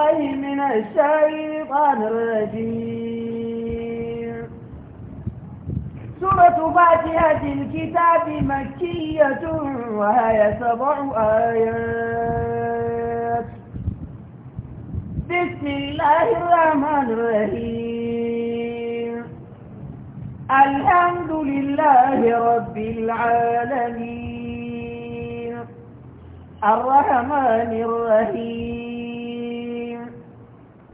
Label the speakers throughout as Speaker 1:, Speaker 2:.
Speaker 1: من الشيطان الرجيم سورة فاتحة الكتاب مكية وهي سبع آيات بسم الله الرحمن الرحيم الحمد لله رب العالمين الرحمن الرحيم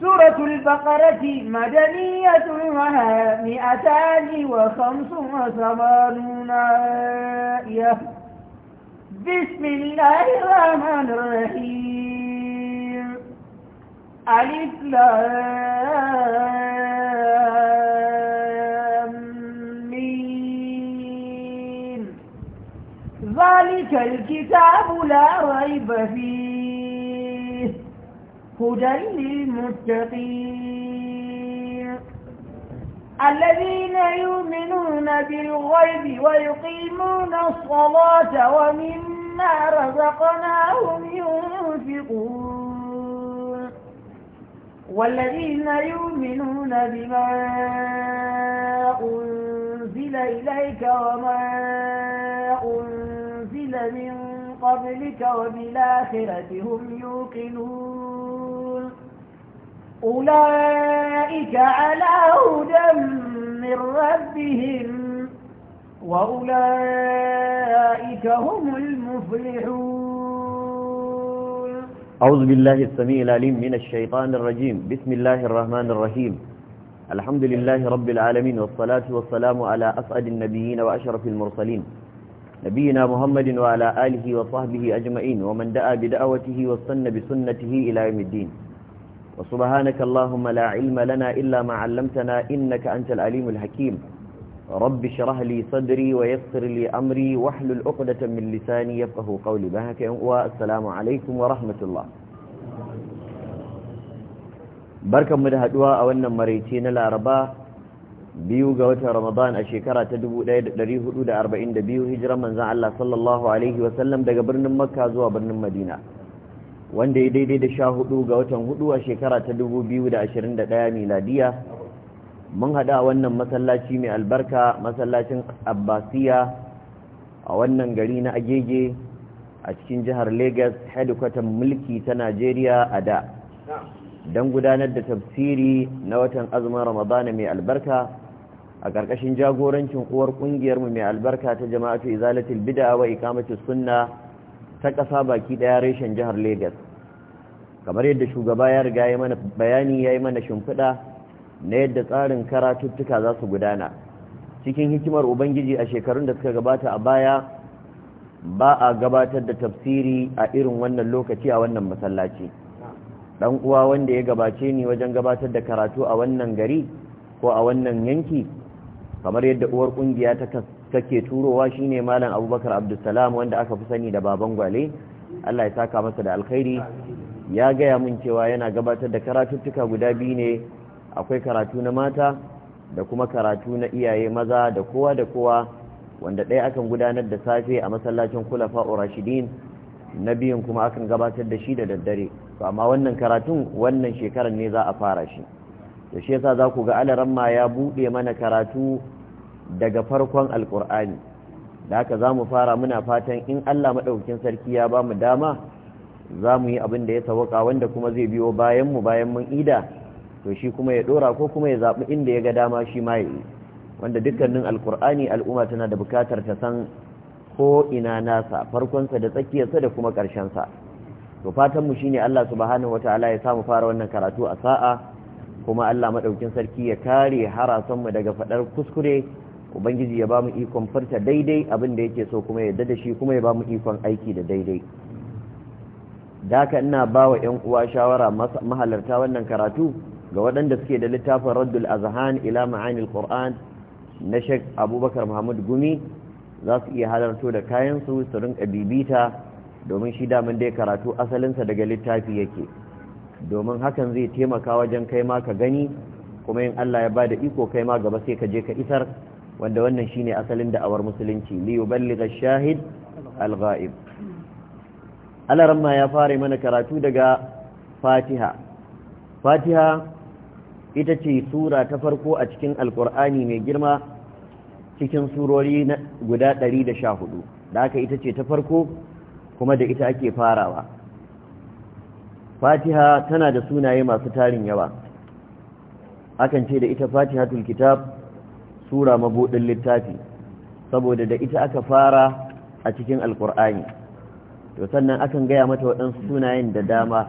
Speaker 1: سورة البقرة مدنية وها مئتان وخمس وثمانون آية بسم الله الرحمن الرحيم ألف لام ذلك الكتاب لا ريب فيه هدى للمتقين الذين يؤمنون بالغيب ويقيمون الصلاة ومما رزقناهم ينفقون والذين يؤمنون بما أنزل إليك وما أنزل أنزل من قبلك وبالآخرة هم يوقنون أولئك على هدى من ربهم وأولئك هم المفلحون
Speaker 2: أعوذ بالله السميع العليم من الشيطان الرجيم بسم الله الرحمن الرحيم الحمد لله رب العالمين والصلاة والسلام على أسعد النبيين وأشرف المرسلين نبينا محمد وعلى آله وصحبه أجمعين ومن دعا بدعوته واستنى بسنته إلى يوم الدين وسبحانك اللهم لا علم لنا إلا ما علمتنا إنك أنت العليم الحكيم رب شرح لي صدري ويسر لي أمري واحلل عقدة من لساني يفقه قولي بهك والسلام عليكم ورحمة الله barkanmu da haduwa a wannan maraice na laraba biyu ga watan ramadan a shekara ta 1442 hijiran manzan Allah sallallahu alaihi wasallam daga birnin makka zuwa birnin madina wanda ya daidai da sha hudu ga watan hudu a shekara ta 2021 miladiya mun hada wannan masallaci mai albarka masallacin abbasiya a wannan gari na agege a cikin jihar lagos headquarter mulki ta najeriya a da don gudanar da tafsiri na watan azumin ramadana mai albarka a ƙarƙashin jagorancin uwar mu mai albarka ta jama'atu izalatul bid'a wa iqamatu sunna ta ƙasa baki ɗaya reshen jihar lagos kamar yadda shugaba ya riga ya mana bayani ya yi mana shimfiɗa na yadda tsarin karatuttuka za su gudana cikin hikimar ubangiji a shekarun da suka gabata a baya ba a gabatar da tafsiri a irin wannan lokaci a wannan masallaci dan uwa wanda ya gabace ni wajen gabatar da karatu a wannan gari ko a wannan yanki kamar yadda uwar kungiya ta take turowa shine malam Abubakar Abdulsalam wanda aka fi sani da baban gwale Allah ya saka masa da alkhairi ya gaya mun cewa yana gabatar da karatuttuka guda biyu ne akwai karatu na mata da kuma karatu na iyaye maza da kowa da kowa wanda ɗaya akan gudanar da safe a masallacin kulafa urashidin na biyun kuma akan gabatar da shi da daddare to amma wannan karatun wannan shekarar ne za a fara shi to shi yasa za ku ga alaran ma ya buɗe mana karatu daga farkon alƙur'ani da haka za mu fara muna fatan in allah maɗaukin sarki ya ba mu dama za mu yi abin da ya sauka wanda kuma zai biyo bayan mu bayan mun ida to shi kuma ya ɗora ko kuma ya zaɓi inda ya ga dama shi ma ya yi wanda dukkanin alƙur'ani al'umma tana da buƙatar ta san ko ina nasa farkonsa da tsakiyarsa da kuma ƙarshensa to fatan mu shine Allah subhanahu wataala ya samu fara wannan karatu a sa'a kuma Allah madaukin sarki ya kare harasan mu daga fadar kuskure ubangiji ya bamu ikon farta daidai abin da yake so kuma ya dada shi kuma ya bamu ikon aiki da daidai daka ina bawa ƴan uwa shawara mahalarta wannan karatu ga waɗanda suke da littafin Raddul Azhan ila Ma'anil Qur'an na Sheikh Abubakar Muhammad Gumi za su iya halarto da kayan su su rinka bibita domin shi damin dai karatu asalinsa daga littafi yake domin hakan zai taimaka wajen kai ma ka gani kuma yin Allah ya ba da iko kai ma gaba sai ka je ka isar wanda wannan shine asalin da'awar musulunci liyu yuballigha shahid al alaramma ya fara mana karatu daga fatiha fatiha ita ce sura ta farko a cikin alkur'ani mai girma cikin surori guda 114 da aka ita ce ta farko kuma da ita ake farawa fatiha tana da sunaye masu tarin yawa akan ce da ita Fatiha kitab sura mabudin littafi saboda da ita aka fara a cikin alkur'ani to sannan akan gaya mata waɗansu sunayen da dama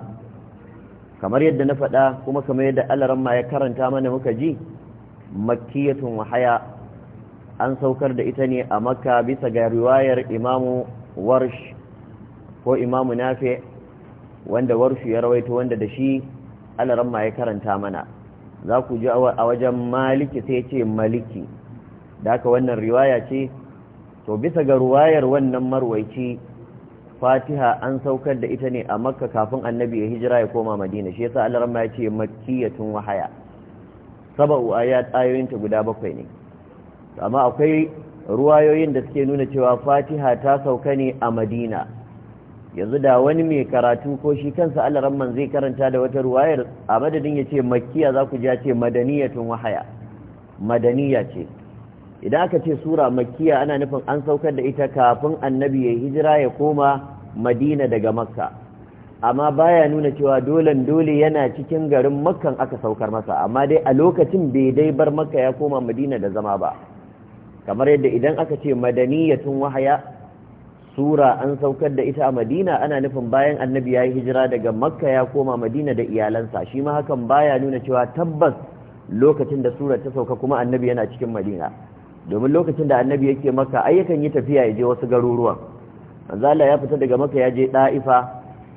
Speaker 2: kamar yadda na faɗa kuma kamar yadda alaramma ya karanta mana muka ji makkiyatun wahaya an saukar da ita ne a makka bisa ga riwayar imamu warsh ko imamu Nafe, wanda warshi ya rawaito wanda da shi alaramma ya karanta mana za ku ji a wajen maliki sai ce maliki da haka wannan riwaya ce to bisa ga ruwayar wannan marwaici fatiha an saukar da ita ne a makka kafin annabi ya hijira ya koma madina shi yasa alaramma ya ce makiyatun wahaya saba'u ayat ta guda bakwai ne amma akwai ruwayoyin da suke nuna cewa fatiha ta sauka ne a madina yanzu da wani mai karatu ko shi kansa alaramman zai karanta da wata ruwayar a madadin ya ce makiya za ku ja ce tun wahaya madaniya ce idan aka ce sura makiya ana nufin an saukar da ita kafin annabi ya hijira ya koma madina daga makka amma baya nuna cewa dolen dole yana cikin garin makkan aka saukar masa amma dai a lokacin bai dai bar makka ya koma madina da zama ba kamar yadda idan aka ce tun wahaya sura an saukar da ita a madina ana nufin bayan annabi ya yi hijira daga makka ya koma madina da iyalansa shi ma hakan baya nuna cewa tabbas lokacin da sura ta sauka kuma annabi yana cikin madina domin lokacin da annabi yake makka ai yi tafiya ya je wasu garuruwan Allah ya fita daga makka ya je da'ifa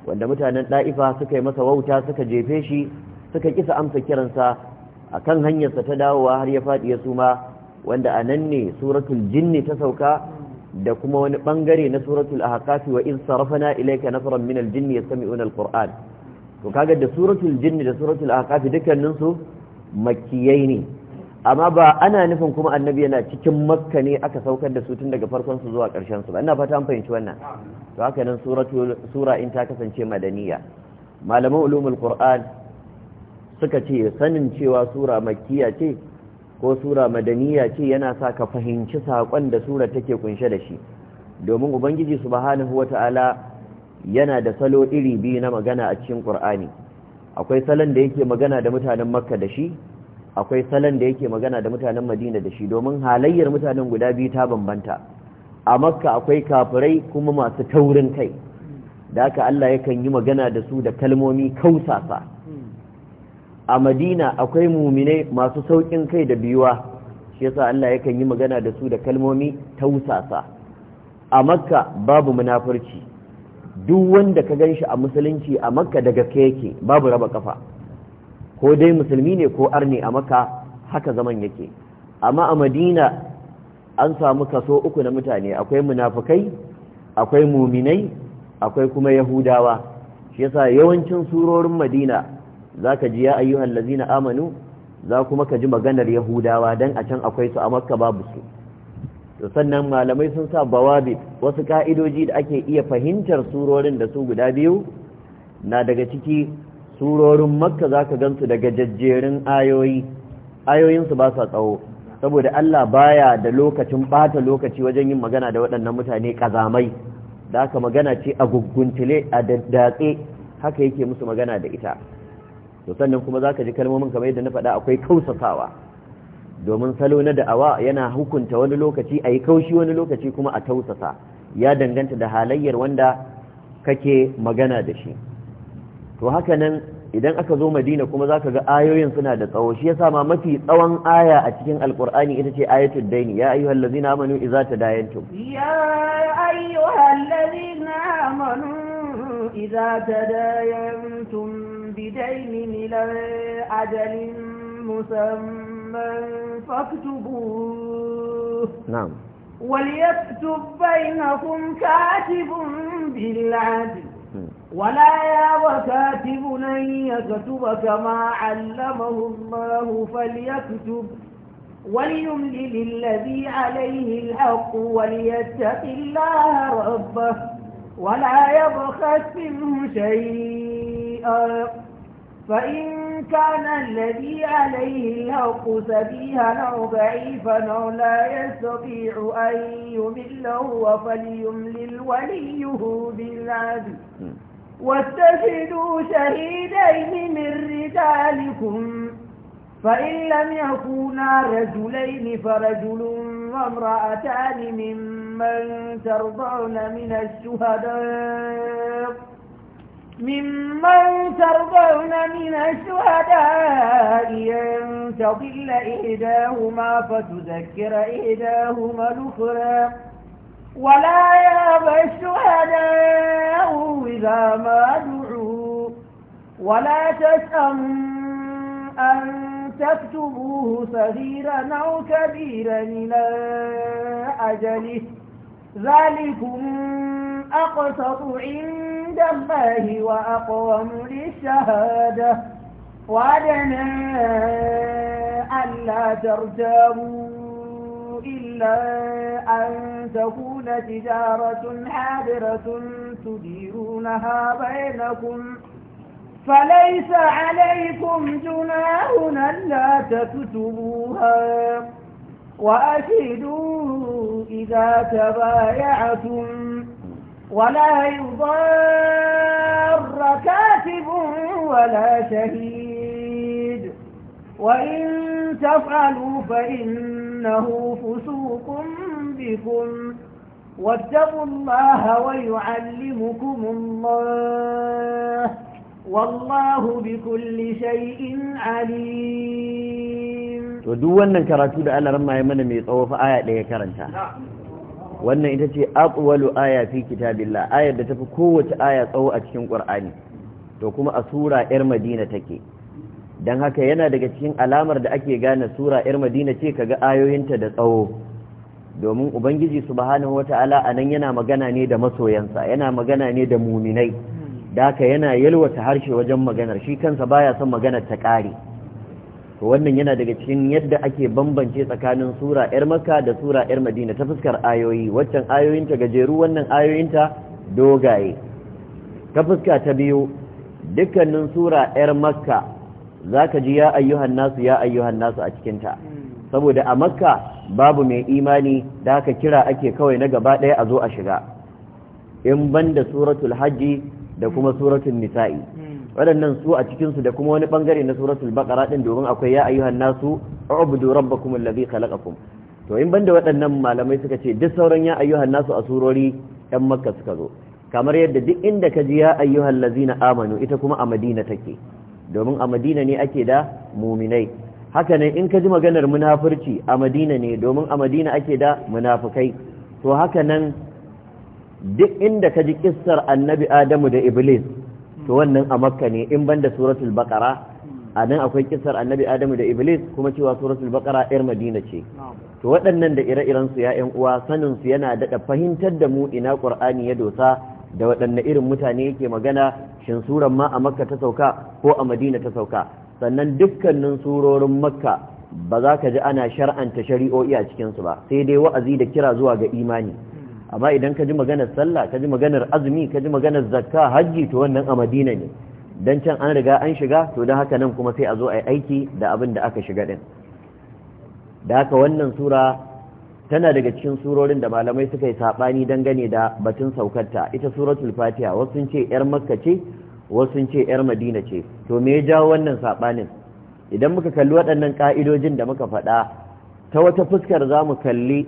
Speaker 2: wanda mutanen da'ifa suka yi masa wauta suka jefe shi suka kisa amsa kiransa akan hanyarsa ta dawowa har ya faɗi ya suma wanda anan ne suratul jinni ta sauka da kuma wani bangare na suratul ahqaf wa in sarafna ilayka nafaran min aljinni yastami'una alquran to kaga da suratul jinni da suratul ahqaf dukkanin su makkiyai ne amma ba ana nufin kuma annabi yana cikin makka ne aka saukar da su tun daga farkon su zuwa karshen su ba ina fata an fahimci wannan to haka nan suratul sura in ta kasance madaniya malaman ulumul qur'an suka ce sanin cewa sura makkiya ce ko sura madaniya ce yana sa ka fahimci saƙon da sura take kunshe da shi domin ubangiji subhanahu wata'ala yana da salo iri biyu na magana a cikin qur'ani akwai salon da yake magana da mutanen makka da shi akwai salon da yake magana da mutanen madina da shi domin halayyar mutanen guda biyu ta bambanta a makka akwai kafirai kuma masu taurin kai da haka allah yakan yi magana da su da kalmomi kausasa a madina akwai muminai masu sauƙin kai da biyuwa shi yasa Allah yakan yi magana da su da kalmomi tausasa a makka babu munafurci duk wanda ka ganshi a musulunci a makka da gaske yake babu raba kafa ko dai musulmi ne ko arne a makka haka zaman yake amma a madina an samu kaso uku na mutane akwai munafukai akwai muminai akwai kuma yahudawa shi yasa yawancin surorin madina Za zaka ji ya ayyuhal Lazina amanu za kuma ka ji maganar yahudawa dan a can akwai su a makka babu su to sannan malamai sun sa bawabi wasu ka'idoji da ake iya fahimtar surorin da su guda biyu na daga ciki surorin makka zaka gansu daga jajjerin ayoyi ayoyinsu ba sa tsawo saboda Allah baya da lokacin bata lokaci wajen yin magana da waɗannan mutane kazamai da aka magana ce a guguntule a daddatse haka yake musu magana da ita to sannan kuma zaka ji kalmomin kamar yadda na faɗa akwai kausasawa domin salo na da'awa yana hukunta wani lokaci ayi kaushi wani lokaci kuma a tausasa ya danganta da halayyar wanda kake magana da shi to haka nan idan aka zo madina kuma zaka ga ayoyin suna da tsawo shi yasa ma mafi tsawon aya a cikin alkur'ani ita ce ayatul daini ya ayyuhal ladzina amanu idza tadayantum
Speaker 1: ya ayyuhal ladzina amanu idza tadayantum بدين إلى أجل مسمى فاكتبوه نعم وليكتب بينكم كاتب بالعدل ولا ياب كاتب أن يكتب كما علمه الله فليكتب وليملل الذي عليه الحق وليتق الله ربه ولا يبخس منه شيئا فإن كان الذي عليه الحق سبيها أو ضعيفا أو لا يستطيع أن يمل هو فليملل وليه بالعدل واستشهدوا شهيدين من رجالكم فإن لم يكونا رجلين فرجل وامرأتان ممن ممن ترضون من الشهداء ممن ترضون من الشهداء أن تضل إحداهما فتذكر إحداهما الأخرى ولا يابى الشهداء إذا ما دعوا ولا تسأموا أن تكتبوه صغيرا أو كبيرا إلى أجله ذلكم أقسط عند الله وأقوم للشهادة وأدنى ألا ترتابوا إلا أن تكون تجارة حاضرة تديرونها بينكم فليس عليكم جناح ألا تكتبوها وأشهدوا إذا تبايعتم ولا يضار كاتب ولا شهيد وإن تفعلوا فإنه فسوق بكم واتقوا الله ويعلمكم الله والله بكل شيء عليم
Speaker 2: to duk wannan karatu da Allah ramma ya mana mai tsawo fa aya ɗaya karanta wannan ita ce aqwalu aya fi kitabillah ayar da tafi kowace aya tsawo a cikin Qur'ani to kuma a sura yar Madina take dan haka yana daga cikin alamar da ake gane sura yar Madina ce kaga ayoyinta da tsawo domin ubangiji subhanahu wata'ala anan yana magana ne da masoyansa yana magana ne da muminai da haka yana yalwata harshe wajen maganar shi kansa baya son maganar ta ƙare to wannan yana daga cikin yadda ake bambance tsakanin sura yar makka da sura yar madina ta fuskar ayoyi waccan ayoyinta gajeru wannan ayoyinta dogaye ta fuska ta biyu dukkanin sura yar makka zaka ji ya ayyuhan nasu ya ayyuhan nasu a cikinta. saboda a makka babu mai imani da haka kira ake kawai na gaba ɗaya a zo a shiga in banda suratul hajji da kuma suratul nisa'i waɗannan su a cikinsu da kuma wani bangare na suratul baqara din domin akwai ya ayyuhan nasu ubudu rabbakum allazi khalaqakum to in banda waɗannan malamai suka ce duk sauran ya ayyuhan nasu a surori ɗan makka suka zo kamar yadda duk inda ka ji ya ayyuhan lazina amanu ita kuma a madina take domin a madina ne ake da muminai haka ne in ka ji maganar munafurci a madina ne domin a madina ake da munafukai to haka nan duk inda ka ji kissar annabi adamu da iblis to wannan a makka ne in banda suratul baqara a nan akwai kisar annabi adamu da iblis kuma cewa suratul baqara yar madina ce to waɗannan da ire-iren su ya ya'yan uwa sanin su yana daɗa fahimtar da mu ina qur'ani ya dosa da waɗanne irin mutane yake magana shin suran ma a makka ta sauka ko a madina ta sauka sannan dukkanin surorin makka ba za ka ji ana shar'anta shari'o'i a cikinsu ba sai dai wa'azi da kira zuwa ga imani amma idan ka ji maganar sallah ka ji maganar azumi ka ji maganar zakka hajji to wannan a madina ne dan can an riga an shiga to don haka nan kuma sai a zo a yi aiki da abin da aka shiga din da haka wannan sura tana daga cikin surorin da malamai suka yi saɓani gane da batun saukarta ita suratul fatiha wasu sun ce 'yar makka ce wasu sun ce 'yar madina ce to me ya jawo wannan saɓanin idan muka kalli waɗannan ƙa'idojin da muka faɗa ta wata fuskar za mu kalli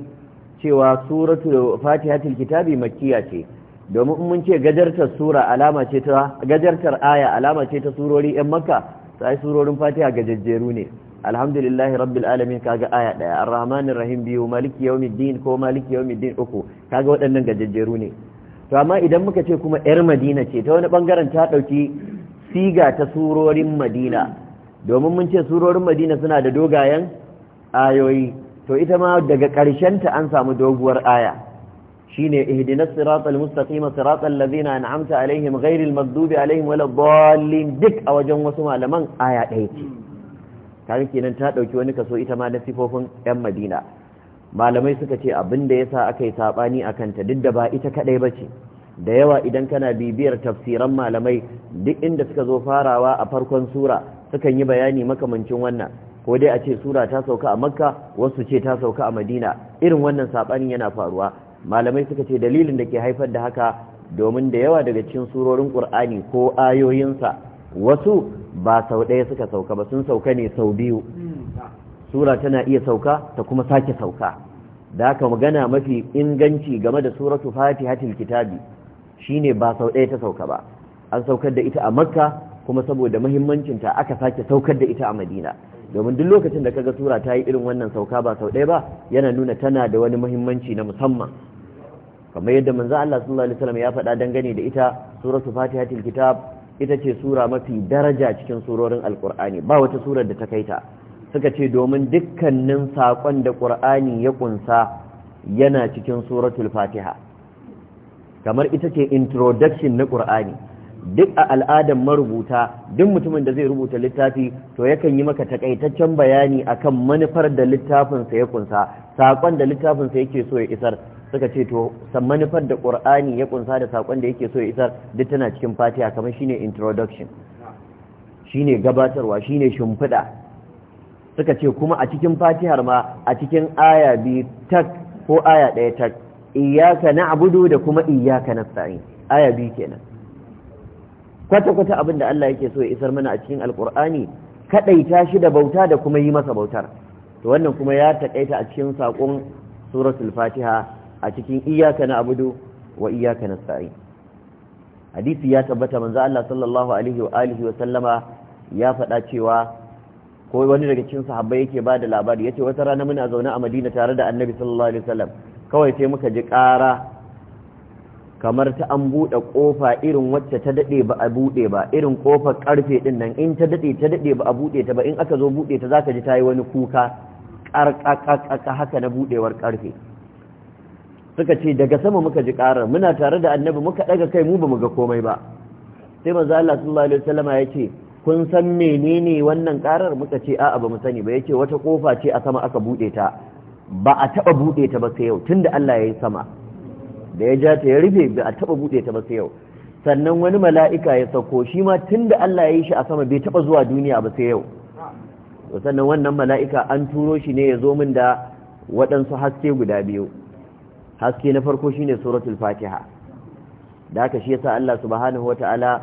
Speaker 2: cewa suratu fatihatul kitabi makkiya ce domin mun ce gajartar sura alama ce ta gajartar aya alama ce ta surori ɗan makka sai surorin fatiha gajajjeru ne alhamdulillahi rabbil alamin kaga aya daya arrahmanir rahim biyu maliki yawmiddin ko maliki yawmiddin uku kaga waɗannan gajajjeru ne to amma idan muka ce kuma yar madina ce ta wani bangaren ta dauki siga ta surorin madina domin mun ce surorin madina suna da dogayen ayoyi to ita ma daga ta an samu doguwar aya shine ihdinas siratal mustaqim siratal ladzina an'amta alaihim ghairil maghdubi alaihim dallin duk a wajen wasu malaman aya ɗaya ce kaga kenan ta dauki wani kaso ita ma na sifofin yan Madina malamai suka ce abin da yasa aka yi sabani akan ta duk da ba ita kadai bace da yawa idan kana bibiyar tafsiran malamai duk inda suka zo farawa a farkon sura sukan yi bayani makamancin wannan ko dai a ce sura ta sauka a makka wasu ce ta sauka a madina irin wannan saɓanin yana faruwa malamai suka ce dalilin da ke haifar da haka domin da yawa daga cikin surorin ƙur'ani ko ayoyinsa wasu ba sau ɗaya suka sauka ba sun sauka ne sau biyu sura tana iya sauka ta kuma sake sauka da haka magana mafi inganci game da suratu fatihatul kitabi shine ba sau ɗaya ta sauka ba an saukar da ita a makka kuma saboda muhimmancinta aka sake saukar da ita a madina domin duk lokacin da kaga sura ta yi irin wannan sauka ba sau ɗaya ba yana nuna tana da wani muhimmanci na musamman kamar yadda manzo Allah sallallahu alaihi wasallam ya faɗa dangane da ita suratu fatihatil kitab ita ce sura mafi daraja cikin surorin alqur'ani ba wata surar da ta kai ta suka ce domin dukkanin sakon da qur'ani ya kunsa yana cikin suratul fatiha kamar ita ce introduction na qur'ani duk a al'adar marubuta duk mutumin da zai rubuta littafi to yakan yi maka takaitaccen bayani akan manufar da littafinsa ya kunsa saƙon da littafinsa yake so ya isar suka ce to san manufar da ƙur'ani ya kunsa da saƙon da yake so ya isar duk tana cikin fatiha kamar shine introduction shine gabatarwa shine shimfiɗa suka ce kuma a cikin fatihar ma a cikin aya biyu tak ko aya ɗaya tak iyaka na abudu da kuma iyaka na sa'in aya biyu kenan kwata-kwata abin da Allah yake so ya isar mana a cikin alkur'ani kaɗaita shi da bauta da kuma yi masa bautar to wannan kuma ya takaita a cikin sakon suratul fatiha a cikin na abudu wa na nasta'in hadisi ya tabbata manzo Allah sallallahu alaihi wa alihi wa sallama ya faɗa cewa ko wani daga cikin sahabbai yake ba da labari yace wata rana muna zaune a Madina tare da Annabi sallallahu alaihi sallam kawai sai muka ji ƙara kamar ta an buɗe ƙofa irin wacce ta daɗe ba a buɗe ba irin ƙofar ƙarfe ɗin nan in ta daɗe ta daɗe ba a buɗe ta ba in aka zo buɗe ta za ka ji ta yi wani kuka ƙarƙaƙaƙa haka na buɗewar ƙarfe suka ce daga sama muka ji ƙarar muna tare da annabi muka ɗaga kai mu ba mu ga komai ba sai manzo Allah sallallahu alaihi wasallama ya ce kun san menene wannan ƙarar muka ce a'a ba mu sani ba yace wata ƙofa ce a sama aka buɗe ta ba a taɓa buɗe ta ba sai yau tunda Allah ya yi sama da ya ja ta ya rufe ba a taba bude ta ba sai yau sannan wani mala'ika ya sauko shi ma tun da Allah ya yi shi a sama bai taba zuwa duniya ba sai yau sannan wannan mala'ika an turo shi ne ya zo min da waɗansu haske guda biyu haske na farko shine suratul fatiha da haka shi yasa Allah subhanahu wataala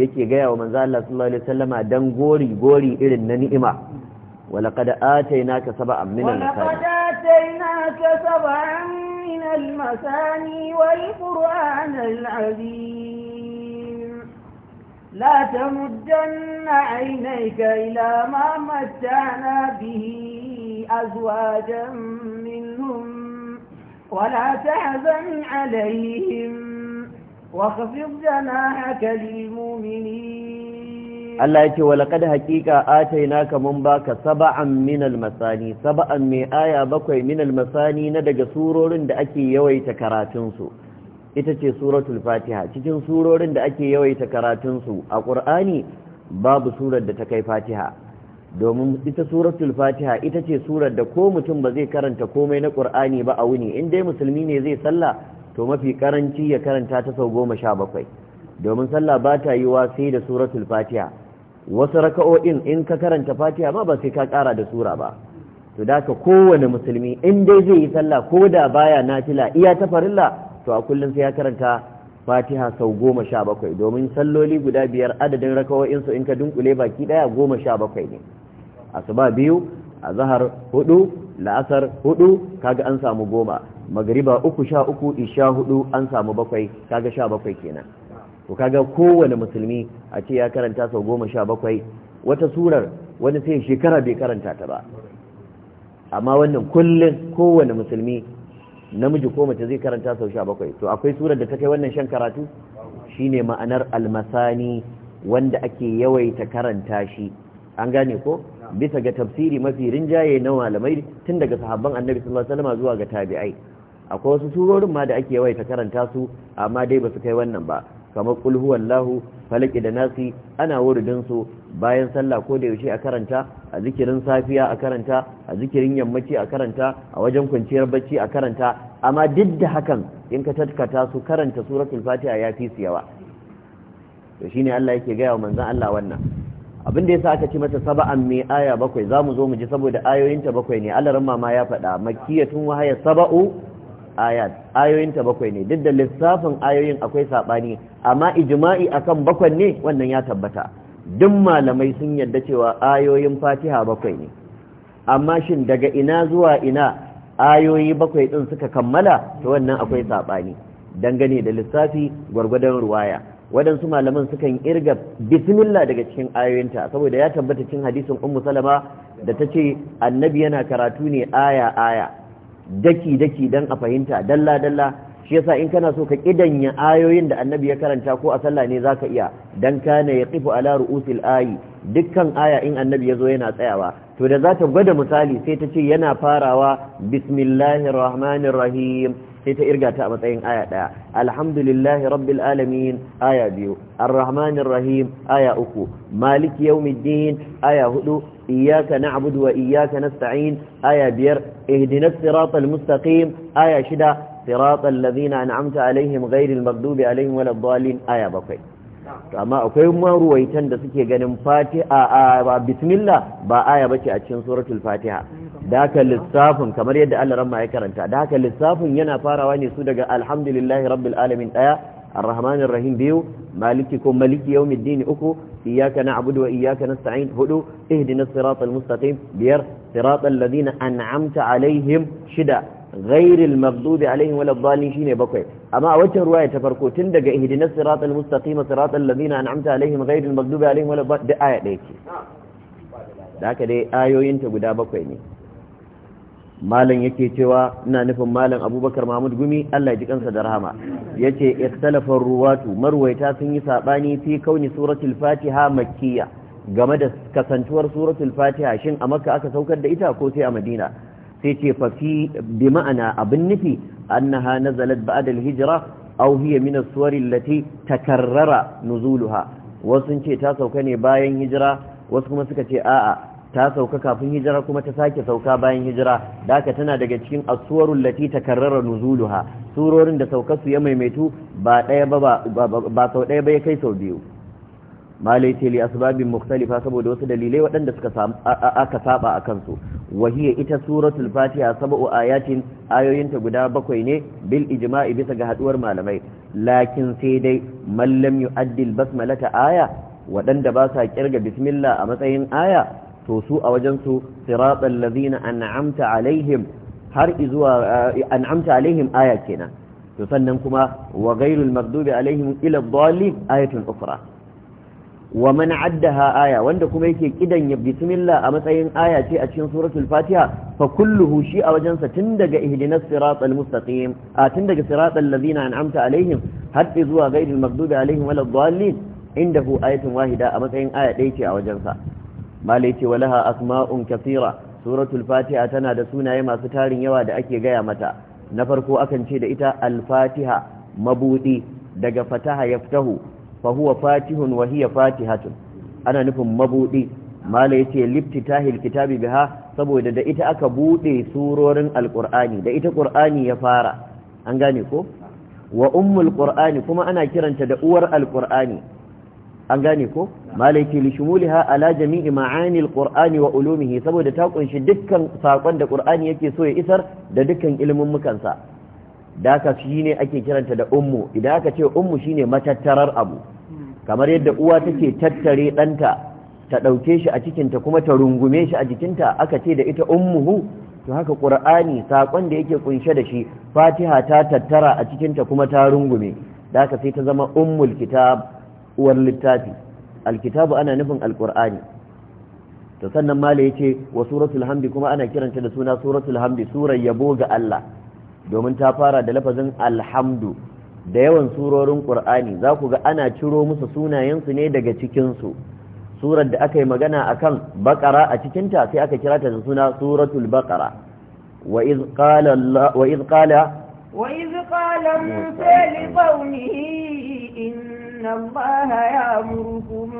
Speaker 2: yake gaya wa manzo Allah sallallahu alaihi wasallama dan gori gori irin na ni'ima walaqad atainaka sab'an minal masalih
Speaker 1: walaqad atainaka من المثاني والقرآن العظيم لا تمدن عينيك إلى ما متعنا به أزواجا منهم ولا تحزن عليهم واخفض جناحك للمؤمنين
Speaker 2: Allah ya ce wa laqad haqiqa ka mun baka saba'an minal masani sab'an mai aya bakwai minal masani na daga surorin da ake yawaita karatun ita ce suratul fatiha cikin surorin da ake yawaita karatunsu a qur'ani babu surar da ta kai fatiha domin ita suratul fatiha ita ce surar da ko mutum ba zai karanta komai na qur'ani ba a wuni in dai musulmi ne zai sallah to mafi karanci ya karanta ta sau goma sha bakwai domin sallah ba ta yi wa sai da suratul fatiha wasu raka'o'in in ka karanta fatiha ma ba sai ka kara da sura ba to da ka kowane musulmi in dai zai yi sallah ko da baya nafila iya ta farilla to a kullum sai ya karanta fatiha sau goma sha bakwai domin salloli guda biyar adadin raka'o'insu in ka dunkule baki ɗaya goma sha bakwai ne asuba biyu a zahar hudu la'asar hudu kaga an samu goma magariba uku sha uku isha hudu an samu bakwai kaga sha bakwai kenan to kaga kowane musulmi a ce ya karanta sau goma sha bakwai wata surar wani sai shekara bai karanta ta ba amma wannan kullum kowane musulmi namiji ko mace zai karanta sau sha bakwai to akwai surar da ta kai wannan shan karatu shine ma'anar almasani wanda ake yawaita karanta shi an gane ko bisa ga tafsiri mafi rinjaye na malamai tun daga sahabban annabi sallallahu alaihi wasallam zuwa ga tabi'ai akwai wasu surorin ma da ake yawaita karanta su amma dai ba su kai wannan ba kamar qul huwallahu falaki da nasi ana wuridin su bayan sallah ko da yaushe a karanta a zikirin safiya a karanta a zikirin yammaci a karanta a wajen kwanciyar bacci a karanta amma duk da hakan in ka tatkata su karanta suratul fatiha ya fi su yawa to shine Allah yake gaya wa manzon Allah wannan abin da yasa aka ci mata saba'an mai aya bakwai zamu zo mu ji saboda ayoyinta bakwai ne Allah ramma ma ya faɗa makkiyatun wahaya saba'u ayat ayoyin ta bakwai ne duk da lissafin ayoyin akwai sabani amma ijma'i akan bakwai ne wannan ya tabbata duk malamai sun yarda cewa ayoyin Fatiha bakwai ne amma shin daga ina zuwa ina ayoyi bakwai din suka kammala ta wannan akwai sabani dangane da lissafi gwargwadon ruwaya waɗansu malaman sukan irga bismillah daga cikin ayoyinta saboda ya tabbata cikin hadisin ummu salama da ta ce annabi yana karatu ne aya aya daki daki dan a fahimta dalla dalla shi yasa in kana so ka kidanya ayoyin da annabi ya karanta ko a sallah ne zaka iya dan ya kifu ala ru'usil ayi dukkan aya in annabi ya zo yana tsayawa to da zata gwada misali sai ta ce yana farawa bismillahir rahmanir rahim sai ta irga ta a matsayin aya ɗaya alhamdulillahi rabbil alamin aya biyu arrahmanir rahim aya uku maliki yawmiddin aya hudu iyyaka na'budu wa iyyaka nasta'in aya biyar ihdinas siratal mustaqim aya shida siratal ladina an'amta alaihim ghairil maghdubi alaihim waladdallin aya bakwai amma akwai maruwaitan da suke ganin fatiha a bismillah ba aya bace a cikin suratul fatiha da haka lissafin kamar yadda Allah ramma ya karanta da haka lissafin yana farawa ne su daga alhamdulillahi rabbil alamin daya الرحمن الرحيم بيو مالك مالك يوم الدين أكو إياك نعبد وإياك نستعين هدو اهدنا الصراط المستقيم بير صراط الذين أنعمت عليهم شدا غير المغضوب عليهم ولا الضالين شيني بكوي أما وجه رواية تفرقو تندق اهدنا الصراط المستقيم صراط الذين أنعمت عليهم غير المغضوب عليهم ولا الضالين دي آية ديكي ذاك دي آيو ينتقو دا بكوي malam yake cewa ina nufin malam abubakar mahmud gumi allah ji kansa da rahama ya ce ikhtalafar ruwatu marwaita sun yi saɓani fi kauni suratul fatiha makkiya game da kasantuwar suratul fatiha shin a makka aka saukar da ita ko sai a madina sai ce fafi bi ma'ana abin nufi annaha nazalat ba'da al-hijra aw hiya min as-suwari allati takarrara nuzuluha wasu ce ta sauka ne bayan hijira wasu kuma suka ce a'a ta sauka kafin hijira kuma ta sake sauka bayan hijira daka tana daga cikin asuwarun lati ta karrara nuzuluha surorin da sauka su ya maimaitu ba ɗaya ba ba sau ɗaya ba ya kai sau biyu malai ce li asbabin mukhtalifa saboda wasu dalilai waɗanda suka aka saba a kansu wahiya ita suratul fatiha sab'u ayatin ayoyinta guda bakwai ne bil ijma'i bisa ga haduwar malamai lakin sai dai mallam yu'addil basmalata aya waɗanda ba sa kirga bismillah a matsayin aya to su a wajen su siratal ladina an'amta alaihim har izuwa an'amta alaihim aya kenan to sannan kuma wa ghairul maghdubi alaihim ila dhalin ayatun ukhra wa man addaha aya wanda kuma yake kidan ya bismillah a matsayin aya ce a cikin suratul fatiha fa kulluhu shi a wajensa tun daga ihdinas siratal mustaqim a tun daga siratal ladina an'amta alaihim har zuwa ghairil maghdubi alaihim waladdallin indahu ayatun wahida a matsayin aya ɗaya ce a wajensa malai ce walaha asma'un kathira suratul fatiha tana da sunaye masu tarin yawa da ake gaya mata na farko akan ce da ita al-fatiha mabudi daga fataha yaftahu fa huwa fatihun wa hiya fatihatun ana nufin mabudi malaiti liftitahil kitabi biha saboda da ita aka bude surorin alqur'ani da ita qur'ani ya fara an gane ko wa ummul qur'ani kuma ana kiranta da uwar alqur'ani an gane ko malaiki li shumuliha ala jami'i ma'ani alqur'ani wa ulumihi saboda ta kunshi dukkan sakon da qur'ani yake so ya isar da dukkan ilimin mukansa da ka shine ake kiranta da ummu idan aka ce ummu shine matattarar abu kamar yadda uwa take tattare danta ta dauke shi a cikinta kuma ta rungume shi a jikinta aka ce da ita ummuhu to haka qur'ani sakon da yake kunshe da shi fatiha ta tattara a cikinta kuma ta rungume da ka sai ta zama ummul kitab uwar littafi alkitabu ana nufin alkur'ani ta sannan mala ce wa suratul hamdi kuma ana kiranta da suna suratul hamdi surar yabo ga Allah domin ta fara da lafazin alhamdu da yawan surorin qur'ani za ku ga ana ciro musu sunayensu ne daga cikinsu surar da aka yi magana akan bakara a cikinta sai aka kira ta da suna suratul baqara wa iz qala wa iz qala
Speaker 1: wa iz qala إن الله يأمركم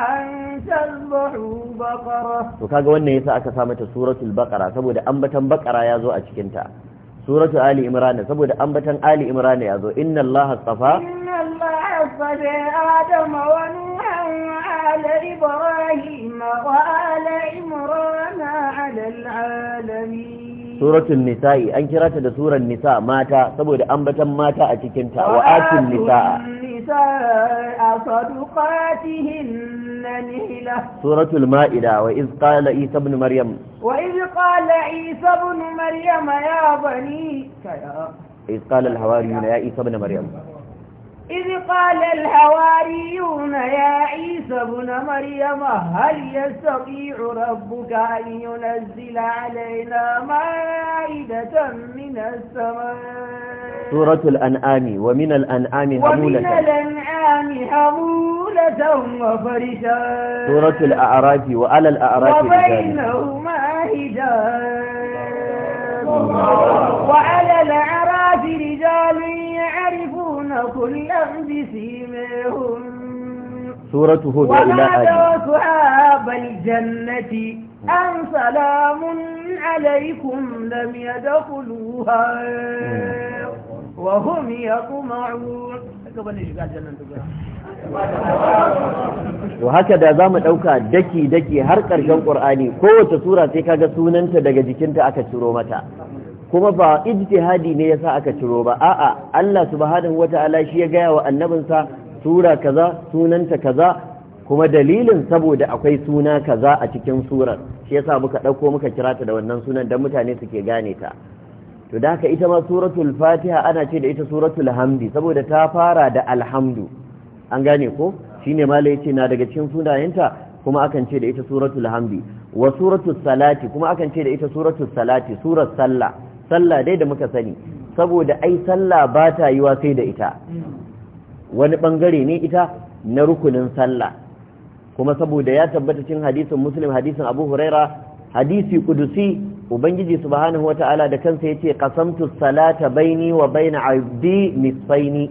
Speaker 1: an tazbahu baqara
Speaker 2: to kaga wannan yasa aka sa mata suratul baqara saboda ambatan baqara yazo a cikin ta suratu ali imran saboda ambatan ali imran yazo inna allaha astafa
Speaker 1: inna allaha astafa adama wa nuhan ala ibrahim wa ala imran ala alamin
Speaker 2: suratul nisa'i an kirata da suran nisa mata saboda ambatan mata a cikin ta wa atun nisa'a
Speaker 1: النساء صدقاتهن نهلة
Speaker 2: سورة المائدة وإذ قال عيسى ابن مريم
Speaker 1: وإذ قال عيسى ابن مريم يا بني
Speaker 2: إذ قال الحواريون يا عيسى ابن مريم
Speaker 1: إذ قال الحواريون يا عيسى ابن مريم هل يستطيع ربك أن ينزل علينا مائدة من السماء
Speaker 2: سورة الأنعام ومن الأنعام حمولة ومن
Speaker 1: الأنعام حمولة وفرشا سورة
Speaker 2: الأعراف وعلى الأعراف وبينهما
Speaker 1: حجاب وعلى الأعراف رجال يعرفون كلا بسيماهم
Speaker 2: سورة هود وإلى آل
Speaker 1: أصحاب الجنة أن سلام عليكم لم يدخلوها وهم يطمعون
Speaker 2: haka da za mu ɗauka daki-daki har ƙarshen ƙur'ani kowace sura sai kaga sunanta daga jikinta aka ciro mata kuma ba ijtihadi ne yasa aka ciro ba a'a Allah subhanahu wata'ala shi ya gaya wa annabinsa sura kaza sunanta kaza kuma dalilin saboda akwai suna kaza a cikin surar shi yasa muka dauko muka kira ta da wannan sunan dan mutane suke gane ta to da haka ita ma suratul fatiha ana ce da ita suratul hamdi saboda ta fara da alhamdu an gane ko shine malai yace na daga cikin sunayenta kuma akan ce da ita suratul hamdi wa suratul salati kuma akan ce da ita suratul salati surar sallah sallah dai da muka sani saboda ai sallah ba ta yiwa sai da ita wani bangare ne ita na rukunin sallah kuma saboda ya tabbata cikin hadisin muslim hadisin abu huraira hadisi kudusi ubangiji subhanahu ta'ala da kansa ya ce qasamtu salata baini wa baina abdi nisfaini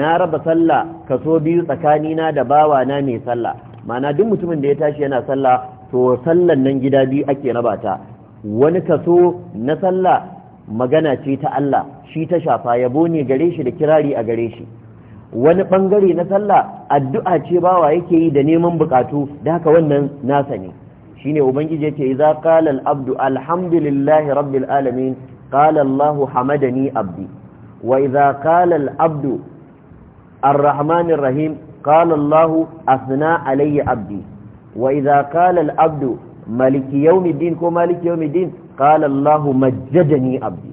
Speaker 2: na raba sallah kaso biyu tsakanina da bawa na mai sallah ma'ana duk mutumin da ya tashi yana sallah to sallan nan gida biyu ake rabata wani kaso na sallah magana ce ta Allah shi ta shafa yabo ne gare shi da kirari a gare shi wani bangare na sallah addu'a ce bawa yake yi da neman bukatu da haka wannan nasa ne shine ubangiji yace idza qala al-abdu alhamdulillahi rabbil alamin qala hamadani abdi wa idza kalal abdu arrahmanir rahim qala asna alayya abdi wa idza kalal abdu maliki yawmiddin ko maliki yawmiddin قال الله مجدني عبدي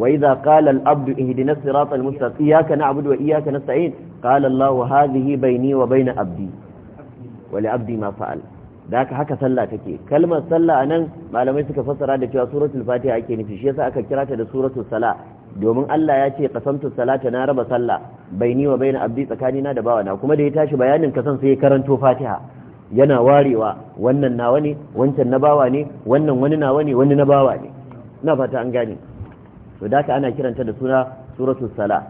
Speaker 2: وإذا قال العبد اهدنا الصراط المستقيم إياك نعبد وإياك نستعين قال الله هذه بيني وبين عبدي ولعبدي ما فعل ذاك haka sallah take kalmar sallah anan malamai suka fassara da cewa suratul fatiha ake nufi shi yasa aka kira ta da suratul sala domin Allah ya ce qasamtu salata na raba sallah baini wa baina abdi tsakanina da bawana kuma da ya tashi bayanin kasan sai ya karanto fatiha yana warewa wannan nawa ne wancan na bawa ne wannan wani nawa ne wani na bawa ne na fata an gane to da ana kiranta da suna suratul sala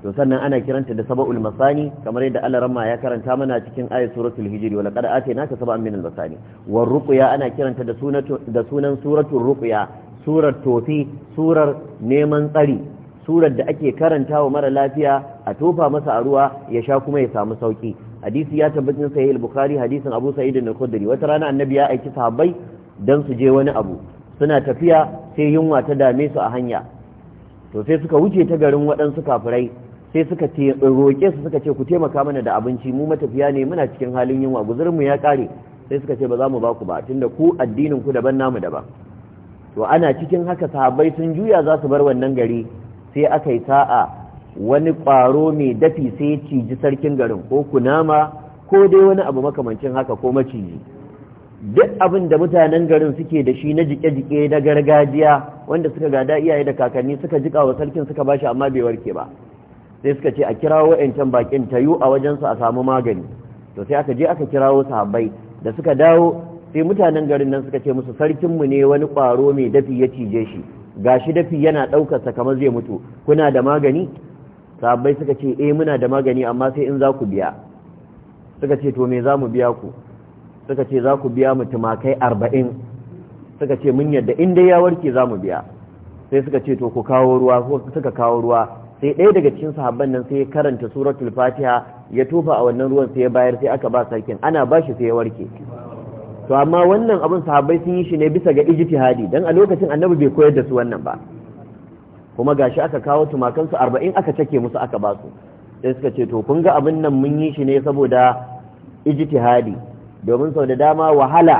Speaker 2: to sannan ana kiranta da saba'ul masani kamar yadda Allah ramma ya karanta mana cikin ayatul suratul hijri wa laqad ka sab'an minal masani war ruqya ana kiranta da suna da sunan suratul ruqya surar tofi surar neman tsari surar da ake karantawa mara lafiya a tofa masa a ruwa ya sha kuma ya samu sauki hadisi ya tabbatin sahih al-bukhari hadisin abu sa'id al-khudri wata rana annabi ya aiki sahabbai dan su je wani abu suna tafiya sai yunwa ta dame su a hanya to sai suka wuce ta garin waɗansu kafirai sai suka ce roƙe su suka ce ku taimaka mana da abinci mu matafiya ne muna cikin halin yunwa mu ya kare sai suka ce ba za mu ba ku ba tunda ku addinin ku daban namu daban to ana cikin haka sahabbai sun juya za su bar wannan gari sai aka yi sa'a wani ƙwaro mai dafi sai ya ciji sarkin garin ko kunama ko dai wani abu makamancin haka ko maciji duk abin da mutanen garin suke da shi na jike-jike na gargajiya wanda suka gada iyaye da kakanni suka jika wa sarkin suka bashi amma bai warke ba sai suka ce a kirawo yancan bakin tayu a wajensu a samu magani to sai aka je aka kirawo sahabbai da suka dawo sai mutanen garin nan suka ce musu sarkinmu ne wani ƙwaro mai dafi ya cije shi gashi dafi yana ɗaukarsa kamar zai mutu kuna da magani sahabbai suka ce eh muna da magani amma sai in za ku biya suka ce to me za mu biya ku suka ce za ku biya mu tumakai arba'in suka ce mun yadda in ya warke za mu biya sai suka ce to ku kawo ruwa ko suka kawo ruwa sai ɗaya daga cikin sahabban nan sai ya karanta suratul fatiha ya tofa a wannan ruwan sai ya bayar sai aka ba sarkin ana ba shi sai ya warke to amma wannan abin sahabbai sun yi shi ne bisa ga ijtihadi dan a lokacin annabi bai koyar da su wannan ba kuma gashi aka kawo tumakansu arba'in aka cake musu aka ba su sai suka ce to kun ga abin nan mun yi shi ne saboda ijtihadi domin sau da dama wahala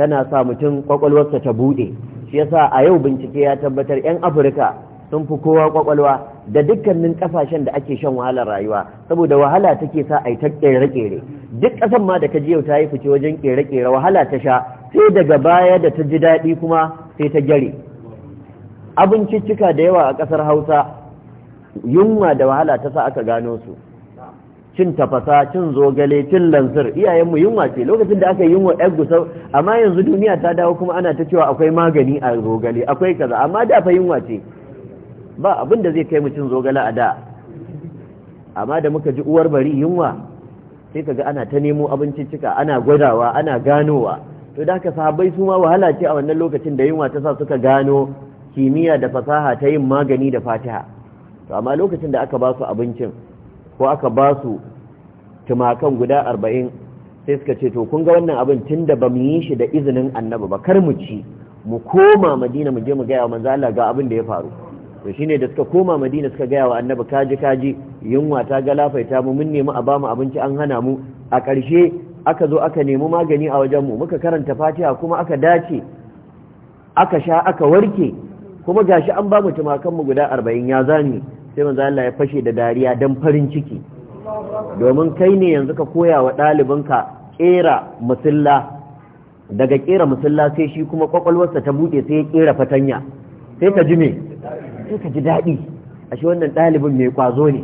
Speaker 2: tana sa mutum kwakwalwarsa ta buɗe shi yasa a yau bincike ya tabbatar 'yan afirka sun fi kowa kwakwalwa da dukkanin kasashen da ake shan wahalar rayuwa saboda wahala take sa a yi ta kere-kere duk ƙasan ma da ka ji yau ta yi fice wajen kere-kere wahala ta sha sai daga baya da ta ji daɗi kuma sai ta gyare abinciccika da yawa a ƙasar hausa yunwa da wahala ta sa aka gano su cin tafasa cin zogale cin lansir iyayenmu yunwa ce lokacin da aka yi yunwa yar gusau amma yanzu duniya ta dawo kuma ana ta cewa akwai magani a zogale akwai kaza amma da fa yunwa ce ba abin da zai kai mu cin zogale a da amma da muka ji uwar bari yunwa sai kaga ana ta nemo abinciccika ana gwadawa ana ganowa to da haka sahabbai su ma wahala ce a wannan lokacin da yunwa ta sa suka gano kimiyya da fasaha ta yin magani da fatiha to amma lokacin da aka ba su abincin ko aka ba su tumakan guda arba'in sai suka ce to kun ga wannan abin tun da ba mu yi shi da izinin annabi ba kar mu ci mu koma madina mu je mu gaya wa manzo Allah ga abin da ya faru to shine da suka koma madina suka gaya wa annabi kaji kaji yunwa ta galafaita mu mun nemi a ba mu abinci an hana mu a ƙarshe aka zo aka nemi magani a wajen mu muka karanta fatiha kuma aka dace aka sha aka warke kuma gashi an ba mu tumakan mu guda arba'in ya zani sai manzo Allah ya fashe da dariya dan farin ciki domin kai ne yanzu ka koya wa ɗalibinka ƙera musulla daga ƙera musulla sai shi kuma kwakwalwarsa ta buɗe sai ya ƙera fatanya sai ka ji me sai ka ji daɗi ashe wannan ɗalibin mai kwazo ne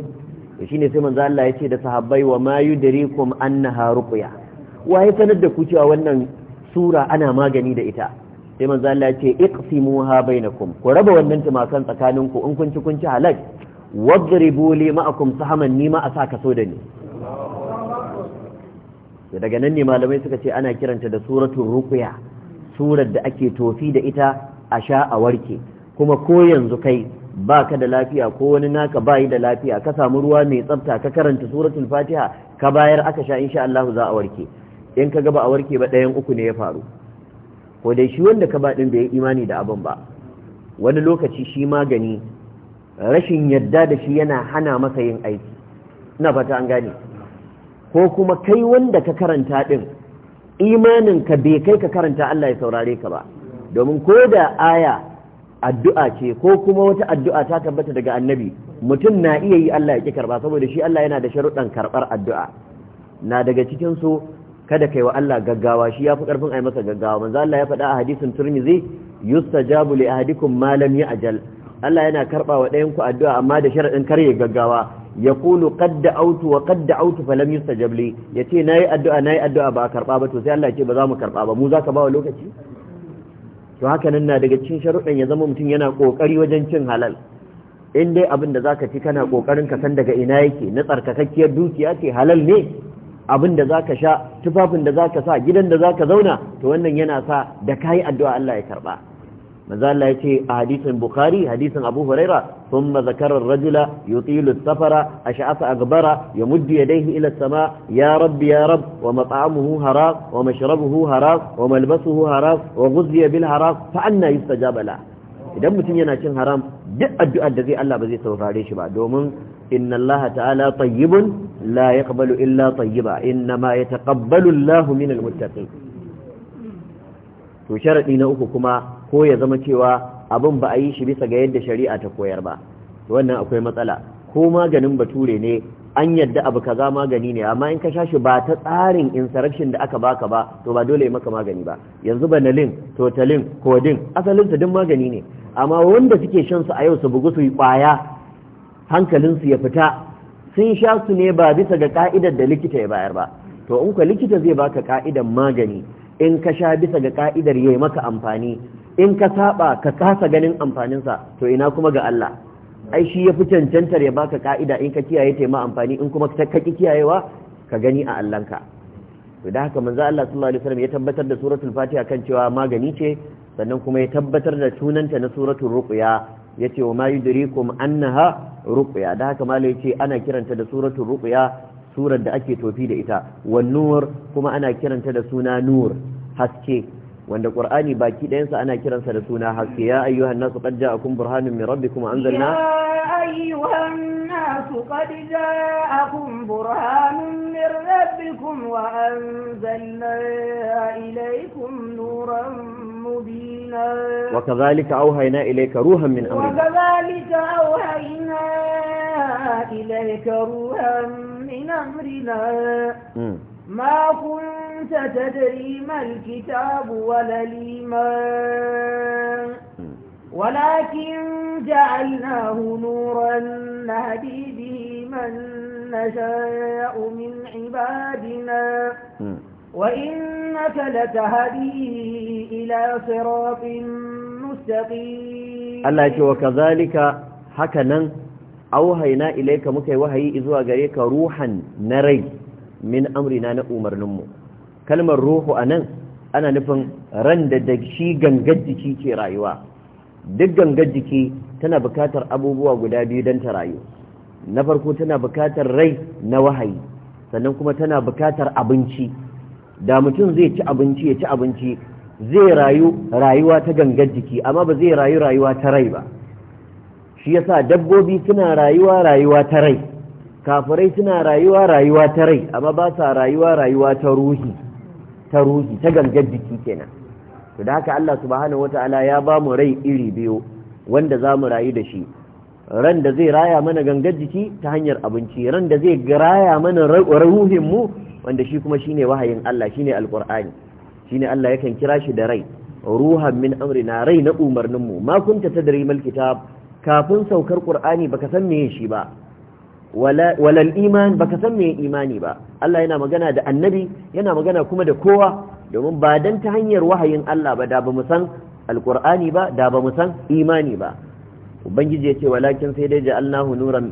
Speaker 2: to shine sai manzo Allah ya ce da sahabbai wa ma yudrikum annaha ruqya ya sanar da ku cewa wannan sura ana magani da ita sai manzo Allah ya ce iqsimuha bainakum ku raba wannan tumakan tsakaninku in kun ci kun ci halak wadribu li ma'akum sahaman ni ma a kaso da ni daga nan ne malamai suka ce ana kiranta da suratul ruqya surar da ake tofi da ita a sha a warke kuma ko yanzu kai baka da lafiya ko wani naka bayi da lafiya ka samu ruwa mai tsafta ka karanta suratul fatiha ka bayar aka sha insha Allah za a warke in ka ga ba a warke ba ɗayan uku ne ya faru ko dai shi wanda ka ba din bai imani da abin ba wani lokaci shi magani rashin yadda da shi yana hana masa yin aiki ina fata an gane ko kuma kai wanda ka karanta din imanin ka bai kai ka karanta Allah ya saurare ka ba domin ko da aya addu'a ce ko kuma wata addu'a ta tabbata daga annabi mutum na iya yi Allah ya ƙi karɓa. saboda shi Allah yana da sharuɗan karɓar addu'a na daga cikin su kada kai wa Allah gaggawa shi yafi karfin ai masa gaggawa manzo Allah ya faɗa a hadisin Tirmidhi yustajabu li ahadikum ma lam ya'jal Allah yana karba wa ɗayan ku addu'a amma da sharadin kare gaggawa yaqulu qad da'awtu wa qad da'awtu lam yustajab li yace nayi addu'a nayi addu'a ba karba ba to sai Allah ba za mu karba ba mu zaka ba wa lokaci to haka nan na daga cikin sharuɗin ya zama mutum yana kokari wajen cin halal in dai abin da zaka ci kana kokarin ka san daga ina yake na tsarkakakkiyar dukiya ce halal ne abin da zaka sha tufafin da zaka sa gidan da zaka zauna to wannan yana sa da kayi addu'a Allah ya karba Maza Allah yace a hadisin Bukhari hadisin Abu Huraira sun zakara ar-rajula yutilu as-safara agbara aghbara ya yadayhi ila sama ya rabbi ya rabb wa mat'amuhu haras wa mashrabuhu haras wa malbasuhu haras wa ghudhiya bil haram fa anna yustajaba idan mutum yana cin haram duk addu'ar da zai Allah ba zai saurare shi ba domin inna allaha ta'ala tayyibun la yaqbalu illa tayyiba inna ya yataqabbalu allahu minal muttaqin to sharadi na uku kuma ko ya zama cewa abin ba a yi shi bisa ga yadda shari'a ta koyar ba wannan akwai matsala ko maganin bature ne an yadda abu kaza magani ne amma in ka sha shi ba ta tsarin insurrection da aka baka ba to ba dole maka magani ba yanzu banalin totalin kodin asalin su duk magani ne amma wanda suke shansu a yau su bugu suyi kwaya hankalinsu ya fita sun sha su ne ba bisa ga ka'idar da likita ya bayar ba to in ka likita zai baka ka'idar magani in ka sha bisa ga ka'idar yayi maka amfani in ka saba ka kasa ganin amfaninsa to ina kuma ga Allah ai shi fi cancantar ya baka ka'ida in ka kiyaye ta ma amfani in kuma ka ki kiyayewa ka gani a Allahnka to da haka manzo Allah sallallahu alaihi wasallam ya tabbatar da suratul fatiha kan cewa magani ce sannan kuma ya tabbatar da sunanta na suratul ruqya yace wa ma yudrikum annaha ruqya da haka malai yace ana kiranta da suratul ruqya surar da ake tofi da ita wan nur kuma ana kiranta da suna nur haske wanda qur'ani baki ɗayansa ana kiransa da suna haske ya ayyuhan nasu qad ja'akum burhanun min rabbikum anzalna
Speaker 1: ya ayyuhan nasu qad ja'akum burhanun min rabbikum wa anzalna ilaykum nuran mubina
Speaker 2: wa kadhalika awhayna ilayka ruhan min amrina wa
Speaker 1: kadhalika awhayna إليك روحا من أمرنا ما كنت تدري ما الكتاب ولا الإيمان ولكن جعلناه نورا نهدي به من نشاء من عبادنا وإنك لتهدي إلى صراط مستقيم الله يقول
Speaker 2: وكذلك هكذا auhaina ilaika muka yi wahayi zuwa gare ka ruhan na rai min amrina na umarninmu kalmar ruhu a nan ana nufin ran da da shi gangar jiki ke rayuwa duk gangar jiki tana bukatar abubuwa guda biyu don ta rayu na farko tana bukatar rai na wahayi sannan kuma tana bukatar abinci da mutum zai ci abinci ya ci abinci zai rayu rayuwa ta gangar jiki amma ba zai rayu rayuwa ta rai ba shi yasa dabbobi suna rayuwa rayuwa ta rai kafirai suna rayuwa rayuwa ta rai amma ba sa rayuwa rayuwa ta ruhi ta ruhi ta gangar jiki kenan to da haka Allah subhanahu wataala ya ba mu rai iri biyu wanda za mu rayu da shi ran da zai raya mana gangan jiki ta hanyar abinci ran da zai raya mana ruhin mu wanda shi kuma shine wahayin Allah shine alqur'ani shine Allah yakan kira shi da rai ruhan min amrina rai na umarnin mu ma kunta tadri mal kitab kafin saukar qur'ani baka san meye shi ba walal iman baka san meye imani ba Allah yana magana da annabi yana magana kuma da kowa domin ba dan ta hanyar wahayin Allah ba da ba mu san ba da ba mu imani ba ubangiji ya ce walakin sai dai ja'alnahu nuran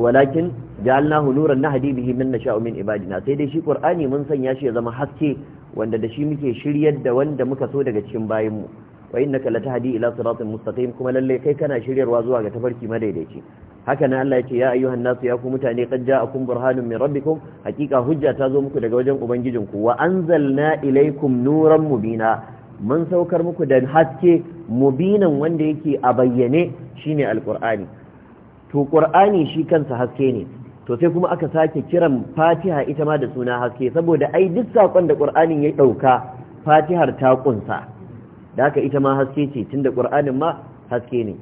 Speaker 2: walakin ja'alnahu nuran nahdi bihi min nasha'u min ibadina sai dai shi ƙur'ani mun sanya shi ya zama haske wanda da shi muke shiryar da wanda muka so daga cikin bayinmu wa innaka latahdi ila siratin mustaqim kuma lalle kai kana shiryarwa zuwa ga tafarki madaidaici haka nan Allah ya ce ya ayyuhan nasu ya ku mutane qad ja'akum burhanun min rabbikum hakika hujja ta zo muku daga wajen ubangijinku wa anzalna ilaykum nuran mubina mun saukar muku da haske mubinan wanda yake a bayyane shine alqur'ani to qur'ani shi kansa haske ne to sai kuma aka sake kiran fatiha ita ma da suna haske saboda ai duk sakon da qur'anin ya dauka fatihar ta kunsa da haka ita ma haske ce tunda qur'anin ma haske ne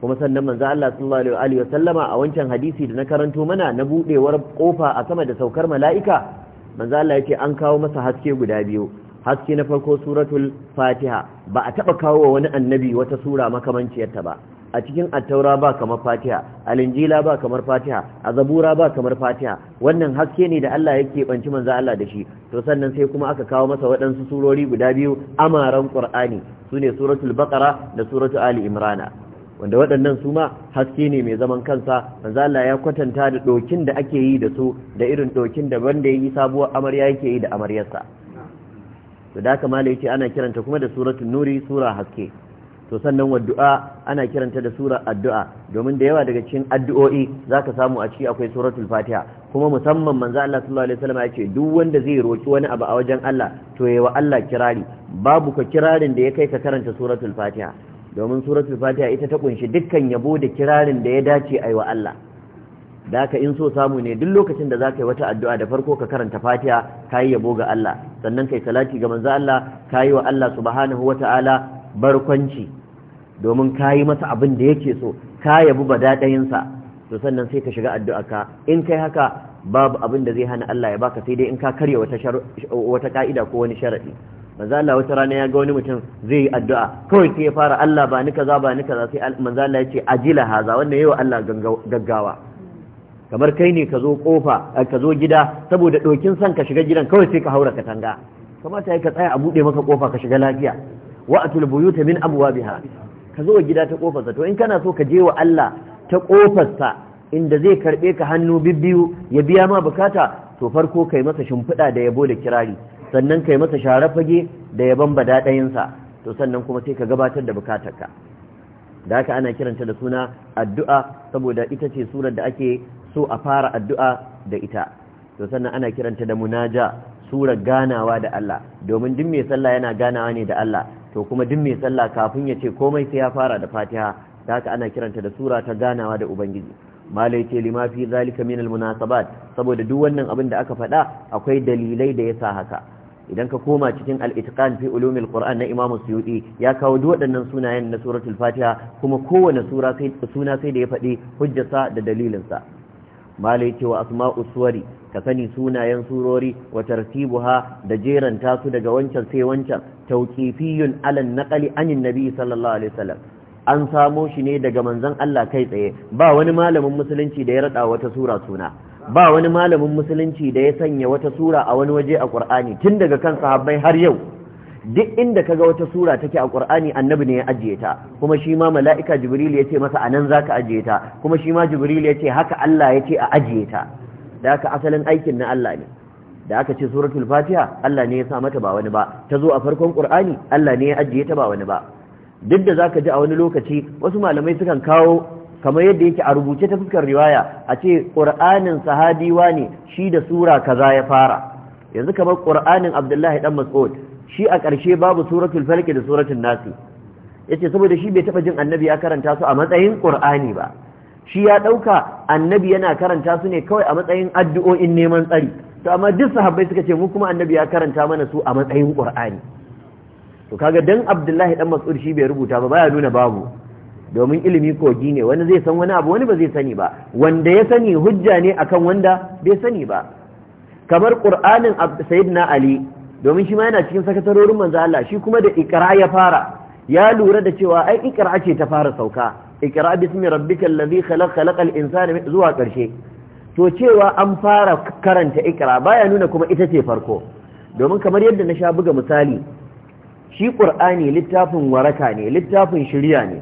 Speaker 2: kuma sannan manzo Allah sallallahu alaihi wa sallama a wancan hadisi da na karanto mana na budewar kofa a sama da saukar mala'ika manzo Allah ce an kawo masa haske guda biyu haske na farko suratul fatiha ba a taba kawo wa wani annabi wata sura makamanciyar ba a cikin attaura ba kamar fatiha alinjila ba kamar fatiha a zabura ba kamar fatiha wannan haske ne da Allah yake banci manzo Allah da shi to sannan sai kuma aka kawo masa waɗansu surori guda biyu amaran qur'ani sune suratul baqara da suratul ali imrana wanda waɗannan su ma haske ne mai zaman kansa manzo Allah ya kwatanta da dokin da ake yi da su da irin dokin da banda yayi sabuwar amarya yake yi da amaryarsa to da haka yace ana kiranta kuma da suratul nuri sura haske to sannan wa du'a ana kiranta da sura addu'a domin da yawa daga cikin addu'o'i zaka samu a ciki akwai suratul fatiha kuma musamman manzo Allah sallallahu alaihi wasallam ce, duk wanda zai roki wani abu a wajen Allah to yayi wa Allah kirari babu ka kirarin da ya kai ka karanta suratul fatiha domin suratul fatiha ita ta kunshi dukkan yabo da kirarin da ya dace yi wa Allah da ka in so samu ne duk lokacin da za ka yi wata addu'a da farko ka karanta fatiha ka yi yabo ga Allah sannan kai salati ga manzo Allah ka yi wa Allah subhanahu wa ta'ala barkwanci domin ka yi masa abin da yake so ka yabi daɗayinsa, to sannan sai ka shiga addu'a ka in kai haka babu abin da zai hana Allah ya baka sai dai in ka karya wata wata ka'ida ko wani sharadi manzo Allah wata rana ya ga wani mutum zai yi addu'a kawai sai ya fara Allah ba ni kaza ba ni kaza sai manzo Allah ya ce ajila haza wannan yayi Allah gaggawa kamar kai ne ka zo kofa eh, ka zo gida saboda dokin san ka shiga gidan kawai sai ka haura katanga kamata ya ka tsaya a bude maka kofa ka shiga lafiya wa'atul buyuta min abwabiha ka zo gida ta kofarsa to in kana so ka je wa Allah ta kofarsa inda zai karɓe ka hannu bibbiyu ya biya ma bukata to farko kai masa shimfiɗa da yabo da kirari sannan kai masa share fage da yaban bada ɗayinsa to sannan kuma sai ka gabatar da bukatarka da haka ana kiranta da suna addu'a saboda ita ce surar da ake so a fara addu'a da ita to sannan ana kiranta da munaja surar ganawa da Allah domin duk mai sallah yana ganawa ne da Allah to kuma duk mai sallah kafin ya ce komai sai ya fara da fatiha da haka ana kiranta da sura ta ganawa da ubangiji malai ce lima fi zalika min munasabat saboda duk wannan abin da aka faɗa akwai dalilai da yasa haka idan ka koma cikin al-itqan fi ulumil qur'an na imamu suyuti ya kawo duk waɗannan sunayen na suratul fatiha kuma kowane sura sai suna sai da ya faɗi hujjasa da dalilinsa malai cewa asma'u suwari ka sani sunayen surori wa tartibuha da jeranta su daga wancan sai wancan tauqifiyun alan naqali anin nabi sallallahu alaihi wasallam an samo shi ne daga manzon Allah kai tsaye ba wani malamin musulunci da ya rada wata sura suna ba wani malamin musulunci da ya sanya wata sura a wani waje a Qur'ani tun daga kan sahabbai har yau duk inda kaga wata sura take a Qur'ani annabi ne ya ajiye ta kuma shi ma mala'ika Jibril ya ce masa anan zaka ajiye ta kuma shi ma Jibril ya ce haka Allah ya ce a ajiye ta da haka asalin aikin na Allah ne da aka ce suratul Fatiha Allah ne ya sa mata ba wani ba ta zo a farkon Qur'ani Allah ne ya ajiye ta ba wani ba duk da zaka ji a wani lokaci wasu malamai sukan kawo kamar yadda yake a rubuce ta fuskar riwaya a ce Qur'anin sahadiwa ne shi da sura kaza ya fara yanzu kamar Qur'anin Abdullahi dan Mas'ud shi a ƙarshe babu suratul falki da suratul nasi yace saboda shi bai taba jin annabi ya karanta su a matsayin qur'ani ba shi ya dauka annabi yana karanta su ne kawai a matsayin addu'o'in neman tsari to amma duk sahabbai suka ce mu kuma annabi ya karanta mana su a matsayin qur'ani to kaga dan abdullahi dan mas'ud shi bai rubuta ba baya nuna babu domin ilimi kogi ne wani zai san wani abu wani ba zai sani ba wanda ya sani hujja ne akan wanda bai sani ba kamar qur'anin sayyidina ali domin shi ma yana cikin sakatarorin manzo Allah shi kuma da ikra ya fara ya lura da cewa ai ikra ce ta fara sauka ikra bismi rabbikal ladhi khalaq khalaqal insana zuwa karshe to cewa an fara karanta ikra baya nuna kuma ita ce farko domin kamar yadda na sha buga misali shi qur'ani littafin waraka ne littafin shirya ne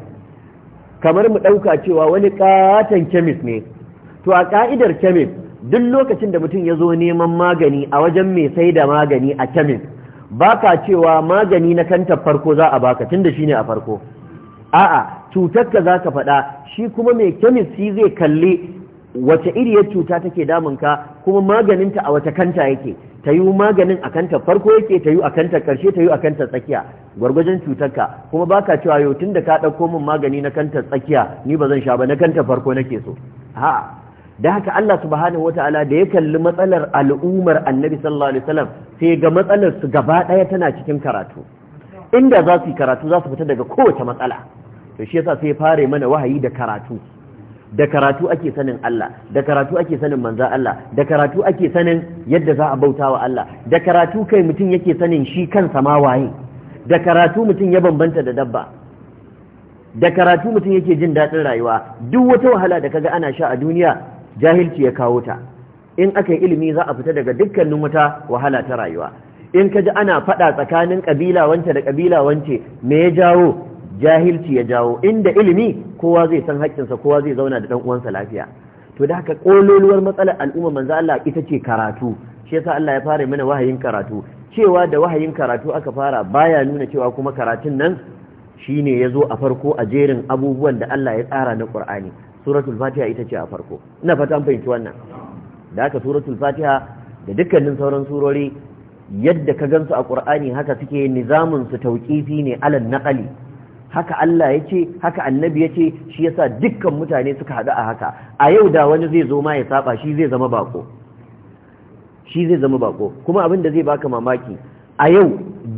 Speaker 2: kamar mu dauka cewa wani katan chemist ne to a ka'idar chemist duk lokacin da mutum ya zo neman magani a wajen mai sai da magani a kemis ba ka cewa magani na kantar farko za a baka tun da shi ne a farko a'a cutar ka za ka faɗa shi kuma mai kemis shi zai kalli wace iriyar cuta take ka, kuma maganinta a wata kanta yake ta yi maganin a kanta farko yake ta yi a kanta karshe ta yi a kanta tsakiya gwargwajen cutarka kuma ba baka cewa yau tun da ka ɗauko min magani na kanta tsakiya ni ba zan sha ba na kanta farko nake so A'a. da haka Allah subhanahu wataala da ya kalli matsalar al'ummar annabi sallallahu alaihi wasallam sai ga matsalar su gaba daya tana cikin karatu inda za su yi karatu za su fita daga kowace matsala to shi yasa sai fare mana wahayi da karatu da karatu ake sanin Allah da karatu ake sanin manzan Allah da karatu ake sanin yadda za a bauta wa Allah da karatu kai mutum yake sanin shi kansa ma waye da karatu mutum ya bambanta da dabba da karatu mutum yake jin daɗin rayuwa duk wata wahala da kaga ana sha a duniya jahilci ya kawo ta in aka yi ilimi za a fita daga dukkanin wata wahala ta rayuwa in ka ji ana faɗa tsakanin ƙabila wance da ƙabila wance me ya jawo jahilci ya jawo inda ilimi kowa zai san haƙƙinsa kowa zai zauna da ɗan uwansa lafiya to da haka ƙololuwar matsalar al'umma manzo Allah ita ce karatu shi yasa Allah ya fara mana wahayin karatu cewa da wahayin karatu aka fara baya nuna cewa kuma karatun nan shine yazo a farko a jerin abubuwan da Allah ya tsara na Qur'ani suratul fatiha ita ce a farko ina fata an fahimci wannan da haka suratul fatiha da dukkanin sauran surori yadda ka gansu a qur'ani haka suke nizamin su tauqifi ne alal naqali haka Allah ya ce haka annabi ya ce shi yasa dukkan mutane suka haɗu a haka a yau da wani zai zo ma ya saba shi zai zama bako shi zai zama bako kuma abin da zai baka mamaki a yau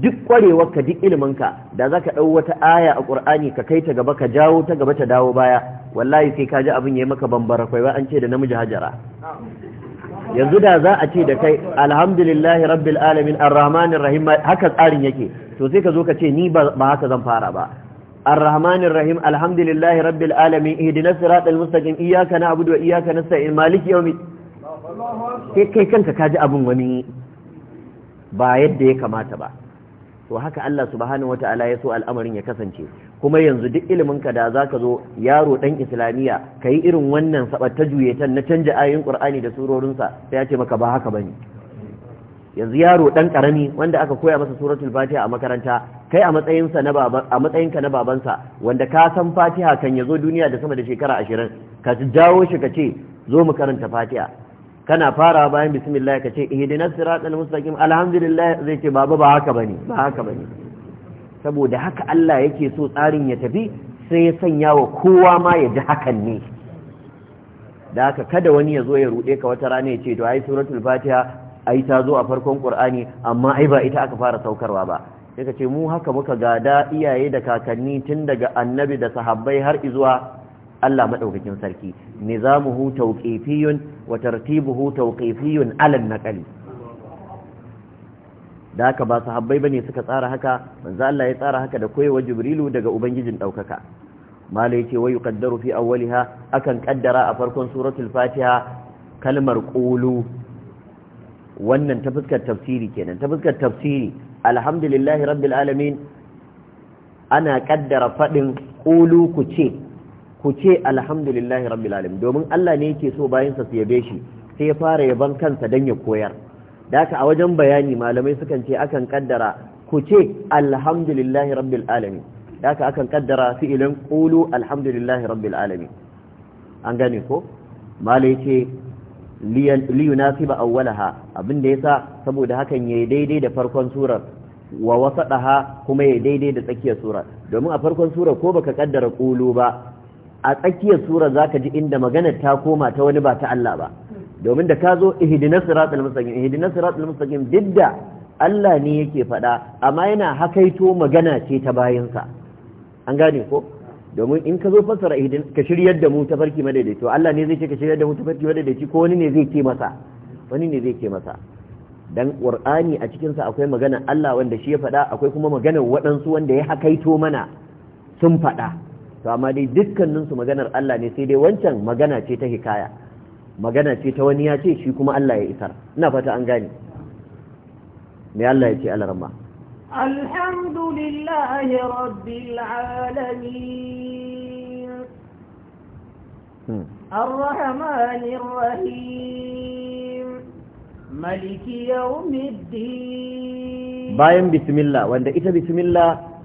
Speaker 2: duk kwarewarka duk iliminka da zaka ka ɗau wata aya a ƙur'ani ka kai ta gaba ka jawo ta gaba ta dawo baya wallahi sai kaji abin ya yi maka bambara kai ba an ce da namiji hajara yanzu da za a ce da kai alhamdulillahi rabbil alamin arrahmanir rahim haka tsarin yake to sai ka zo ka ce ni ba haka zan fara ba arrahmanir rahim alhamdulillahi rabbil alamin ihdinas siratal mustaqim iyyaka na'budu wa iyyaka nasta'in maliki yawmi sai kai kanka kaji abin wani ba yadda ya kamata ba to haka Allah subhanahu wataala ya so al'amarin ya kasance kuma yanzu duk ilimin ka da zaka zo yaro dan islamiya kai irin wannan ta juyetan na canja ayoyin qur'ani da surorin sa sai ya ce maka ba haka bane yanzu yaro dan karami wanda aka koya masa suratul fatiha a makaranta kai a matsayin sa na baba a matsayin ka na baban wanda ka san fatiha kan yazo duniya da sama da shekara 20 ka jawo shi ka ce zo mu karanta fatiha kana fara bayan bismillah ka ce ihdinas siratal mustaqim alhamdulillah zai ce baba ba haka bane ba haka bane saboda haka Allah yake so tsarin ya tafi sai ya sanya wa kowa ma ya ji hakan ne da haka kada wani ya zo ya rude ka wata rana ya ce to ai suratul fatiha ai ta zo a farkon qur'ani amma ai ba ita aka fara saukarwa ba sai ka ce mu haka muka gada iyaye da kakanni tun daga annabi da sahabbai har izuwa Allah maɗaukakin sarki nizamuhu tawqifiyun wa tartibuhu tawqifiyun ala naqali da haka ba sahabbai bane suka tsara haka manzo Allah ya tsara haka da koyewa jibrilu daga ubangijin daukaka mala yace wai yuqaddaru fi awwaliha akan kaddara a farkon suratul fatiha kalmar qulu wannan ta fuskar tafsiri kenan ta fuskar tafsiri alhamdulillahi rabbil alamin ana kaddara fadin qulu ku ce ku ce alhamdulillahi rabbil alamin domin Allah ne yake so bayan sa su yabe shi sai ya fara yaban kansa dan ya koyar daka a wajen bayani malamai sukan ce akan kaddara ku ce alhamdulillahi rabbil alamin daka akan kaddara fi'ilin qulu alhamdulillahi rabbil alamin an gane ko malai ce yunasiba awwalaha abinda yasa saboda hakan yayi daidai da farkon surar wa wasadaha kuma yayi daidai da tsakiyar surar domin a farkon surar ko baka kaddara qulu ba a tsakiyar sura za ka ji inda maganar ta koma ta wani ba ta Allah ba domin da ka zo ihdinas siratul mustaqim ihdinas siratul mustaqim didda Allah ne yake faɗa amma yana hakaito magana ce ta bayansa an gane ko domin in ka zo fassara ihdin ka shiryar da mu ta farki madaidaici Allah ne zai ce ka shiryar da mu ta farki madaidaici ko wani ne zai ce masa wani ne zai ce masa dan qur'ani a cikin sa akwai magana Allah wanda shi ya faɗa akwai kuma maganar waɗansu wanda ya hakaito mana sun faɗa to amma dai dukkaninsu maganar Allah ne sai dai wancan magana ce ta hikaya magana ce ta wani ya ce shi kuma Allah ya isar ina fata an gane me Allah ya ce alarma
Speaker 1: alhamdulillahi rabbil alamin hmm. arrahmanir rahim maliki yawmiddin
Speaker 2: bayan bismillah wanda ita bismillah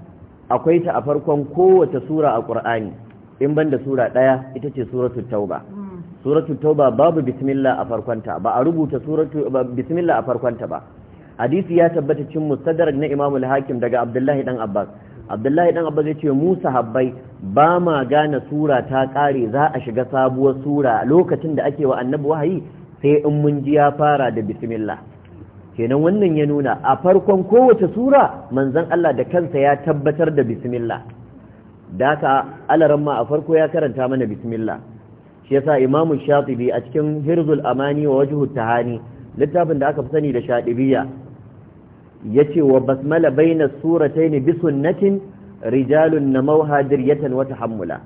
Speaker 2: akwai ta a farkon kowace sura a ƙur'ani in ban da sura ɗaya ita ce suratul tauba suratul tauba babu bismillah a farkonta ba a rubuta suratul bismillah a farkonta ba hadisi ya tabbata cin mustadrak na imamul hakim daga Abdullahi dan Abbas Abdullahi dan Abbas ce musa habbai ba ma gane sura ta kare za a shiga sabuwar sura lokacin da ake wa annabi wahayi sai in mun ji ya fara da bismillah kenan wannan ya nuna a farkon kowace sura manzon Allah da kansa ya tabbatar da bismillah da haka alaran ma a farko ya karanta mana bismillah shi yasa imamu Shatibi a cikin Hirzul Amani wa Wajhu Tahani littafin da aka fi sani da ya yace wa basmala baina suratayn bi sunnatin rijalun namauha diryatan wa tahammula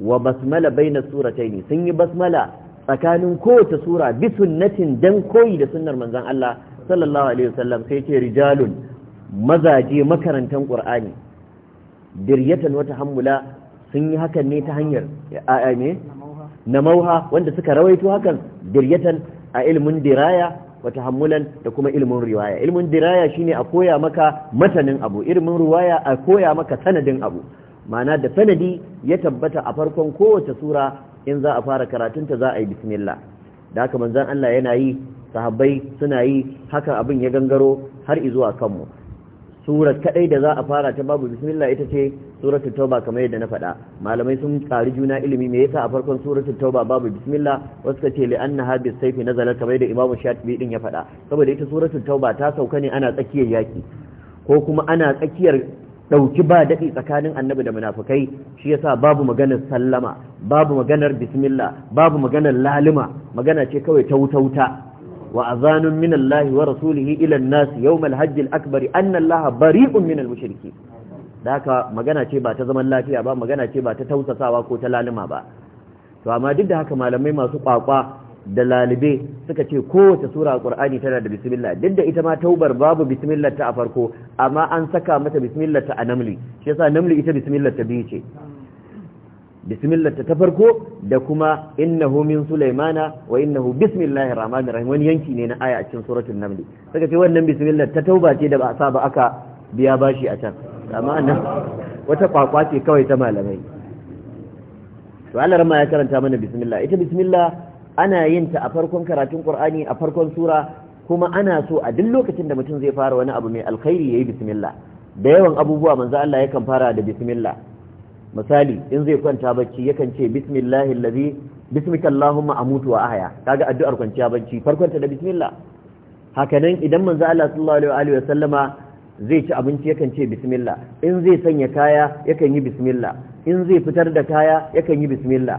Speaker 2: wa basmala baina suratayn sun yi basmala tsakanin kowace sura bi sunnatin dan koyi da sunnar manzon Allah sallallahu alaihi wasallam sai ce rijalun mazaje makarantan qur'ani diryatan wata hammula sun yi hakan ne ta hanyar a'a ne namauha wanda suka rawaito hakan diryatan a ilmin diraya wa tahammulan da kuma ilmin riwaya ilmin diraya shine a koya maka matanin abu ilmin riwaya a koya maka sanadin abu ma'ana da sanadi ya tabbata a farkon kowace sura in za a fara karatunta za a yi bismillah da haka manzon Allah yana yi sahabbai suna yi haka abin ya gangaro har izuwa kanmu sura kadai da za a fara ta babu bismillah ita ce suratul tauba kamar yadda na faɗa malamai sun tsari juna ilimi me yasa a farkon suratul tauba babu bismillah wasu ka ce li annaha bis sayfi nazala kamar yadda imamu biyu din ya faɗa saboda ita suratul tauba ta sauka ne ana tsakiyar yaki ko kuma ana tsakiyar ɗauki ba daɗi tsakanin annabi da munafukai shi yasa babu maganar sallama babu maganar bismillah babu maganar lalima magana ce kawai ta wuta wuta وأذان من الله ورسوله إلى الناس يوم الحج الأكبر أن الله بريء من المشركين haka magana ce ba ta zaman lafiya ba magana ce ba ta tausasawa ko ta lalima ba to amma duk da haka malamai masu kwakwa da lalibe suka ce kowace sura a Qur'ani tana da bismillah duk da ita ma taubar babu bismillah ta a farko amma an saka mata bismillah ta a namli shi yasa namli ita bismillah ta biyu ce bismillah ta farko da kuma innahu min sulaimana wa innahu bismillahir rahmanir rahim wani yanki ne na aya a cikin suratul naml saka ce wannan bismillah ta tauba ce da ba a saba aka biya bashi a can amma nan wata kwakwa ce kawai ta malamai to Allah rama ya karanta mana bismillah ita bismillah ana yin ta a farkon karatun qur'ani a farkon sura kuma ana so a duk lokacin da mutum zai fara wani abu mai alkhairi yayi bismillah da yawan abubuwa manzo Allah yakan fara da bismillah misali in zai kwanta bacci yakan ce bismillahi allazi bismika allahumma amutu wa ahya kaga addu'ar kwanciya bacci farkon da bismillah hakanan idan manzo Allah sallallahu alaihi wa sallama zai ci abinci yakan ce bismillah in zai sanya kaya yakan yi bismillah in zai fitar da kaya yakan yi bismillah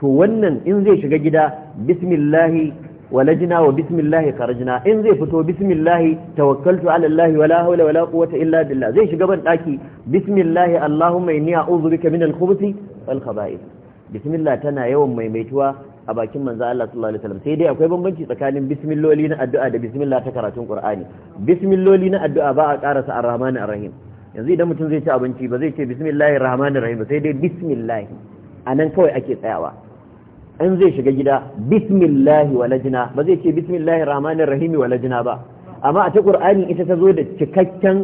Speaker 2: to wannan in zai shiga gida bismillahi walajina wa bismillahi jina. in zai fito bismillahi tawakkaltu ala allahi wala hawla wala quwwata illa billah zai shiga ban daki bismillahi allahumma inni a'udhu bika min al-khubuthi wal khaba'ith bismillah tana yawan maimaituwa a bakin manzo Allah sallallahu alaihi wasallam sai dai akwai bambanci tsakanin bismilloli na addu'a da bismillah ta karatun qur'ani bismilloli na addu'a ba a karasa ar-rahman ar-rahim yanzu idan mutum zai ci abinci ba zai ce bismillahir rahmanir rahim sai dai bismillah anan kawai ake tsayawa in zai shiga gida bismillahi walajina ba zai ce bismillahi rahmanir rahimi walajina ba amma a ta qur'ani ita ta zo da cikakken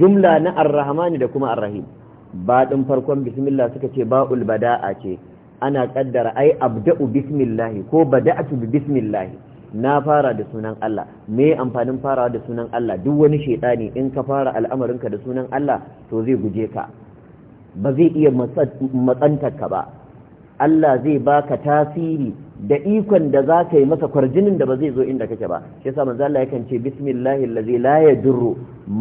Speaker 2: jumla na arrahmani da kuma arrahim ba din farkon bismillah suka ce ba'ul bada'a ce ana kaddara ai abda'u bismillahi ko bada'atu bi bismillahi na fara da sunan Allah me amfanin farawa da sunan Allah duk wani shaytani in ka fara al'amarinka da sunan Allah to zai guje ka ba zai iya ka ba Allah zai baka tasiri da ikon da za ka yi masa kwarjinin da ba zai zo inda kake ba shi yasa manzo Allah yakan ce bismillahi allazi la yadurru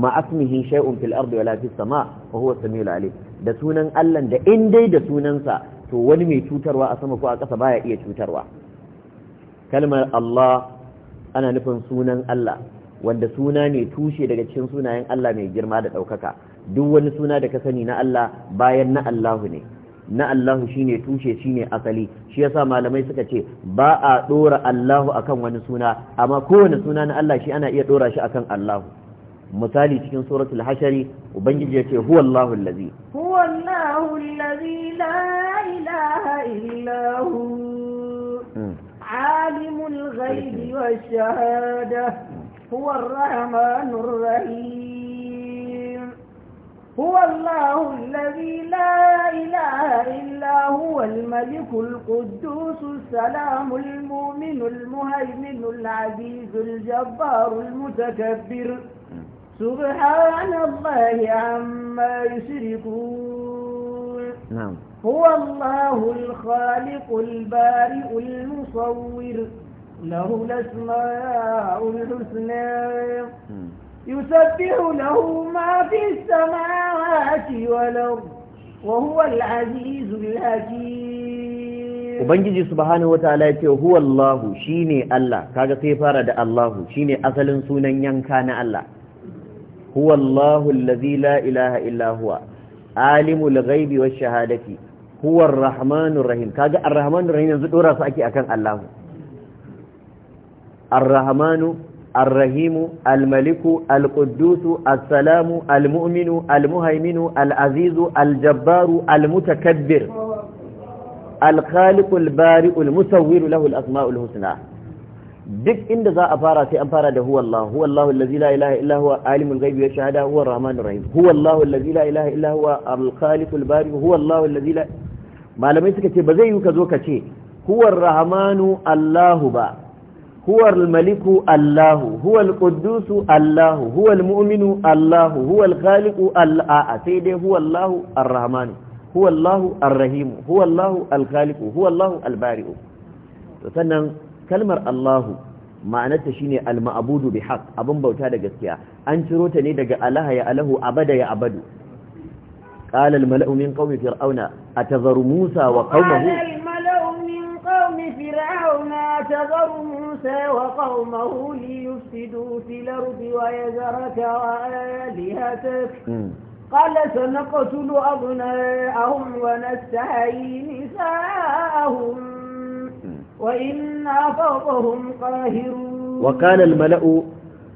Speaker 2: ma asmihi shay'un fil ardi wala fis sama wa huwa samiul alim da sunan Allah da in dai da sunansa to wani mai cutarwa a sama ko a ƙasa baya iya cutarwa kalmar Allah ana nufin sunan Allah wanda suna ne tushe daga cikin sunayen Allah mai girma da ɗaukaka duk wani suna da ka sani na Allah bayan na Allahu ne na Allahu shine tushe shine asali shi yasa malamai suka ce ba a ɗora Allahu akan wani suna amma kowane suna na Allah shi ana iya ɗora shi akan Allahu misali cikin suratul hashari ubangiji ya ce huwallahu Allahu allazi
Speaker 1: Huwallahu allazi la ilaha illa hmm. alimul ghaibi wash shahada hmm. huwa ar-rahmanur rahim هو الله الذي لا إله إلا هو الملك القدوس السلام المؤمن المهيمن العزيز الجبار المتكبر سبحان الله عما يشركون نعم هو الله الخالق البارئ المصور له الأسماء الحسنى يسبح له ما في السماوات والأرض وهو العزيز الحكيم
Speaker 2: ubangiji subhanahu wataala yace huwa Allah shine Allah kaga sai fara da Allah shine asalin sunan yanka na Allah huwa Allah allazi la ilaha illa huwa alimul ghaibi wash shahadati rahim kaga arrahmanur rahim yanzu dora ake akan Allah arrahmanu الرحيم الملك القدوس السلام المؤمن المهيمن العزيز الجبار المتكبر الخالق البارئ المصور له الأسماء الحسنى duk inda za a fara sai an fara da huwa Allah huwa Allah allazi la ilaha illa huwa alimul ghaibi wa shahada huwa arrahmanur rahim huwa Allah allazi la ilaha illa huwa al-khaliqul bari huwa allazi la malamai suka ce ba zai yi ka zo ka ce huwa rahmanu Allahu ba huwa al-maliku Allahu huwa al Allahu huwa muminu Allahu huwa al-khaliqu Allah sai dai huwa Allahu ar-rahmanu huwa Allahu ar-rahimu huwa Allahu al-khaliqu huwa Allahu al to sannan kalmar Allahu ma'anarta shine al-ma'budu bi haqq abun bauta da gaskiya an ciro ta ne daga alaha ya alahu abada ya abadu قال الملأ من قوم فرعون أتذر موسى وقومه
Speaker 1: قوم فرعون اعتذروا موسى وقومه ليفسدوا في الأرض ويذرك وآلهتك قال سنقتل أبناءهم ونستحيي نساءهم وإنا فوقهم قاهرون
Speaker 2: وكان الملأ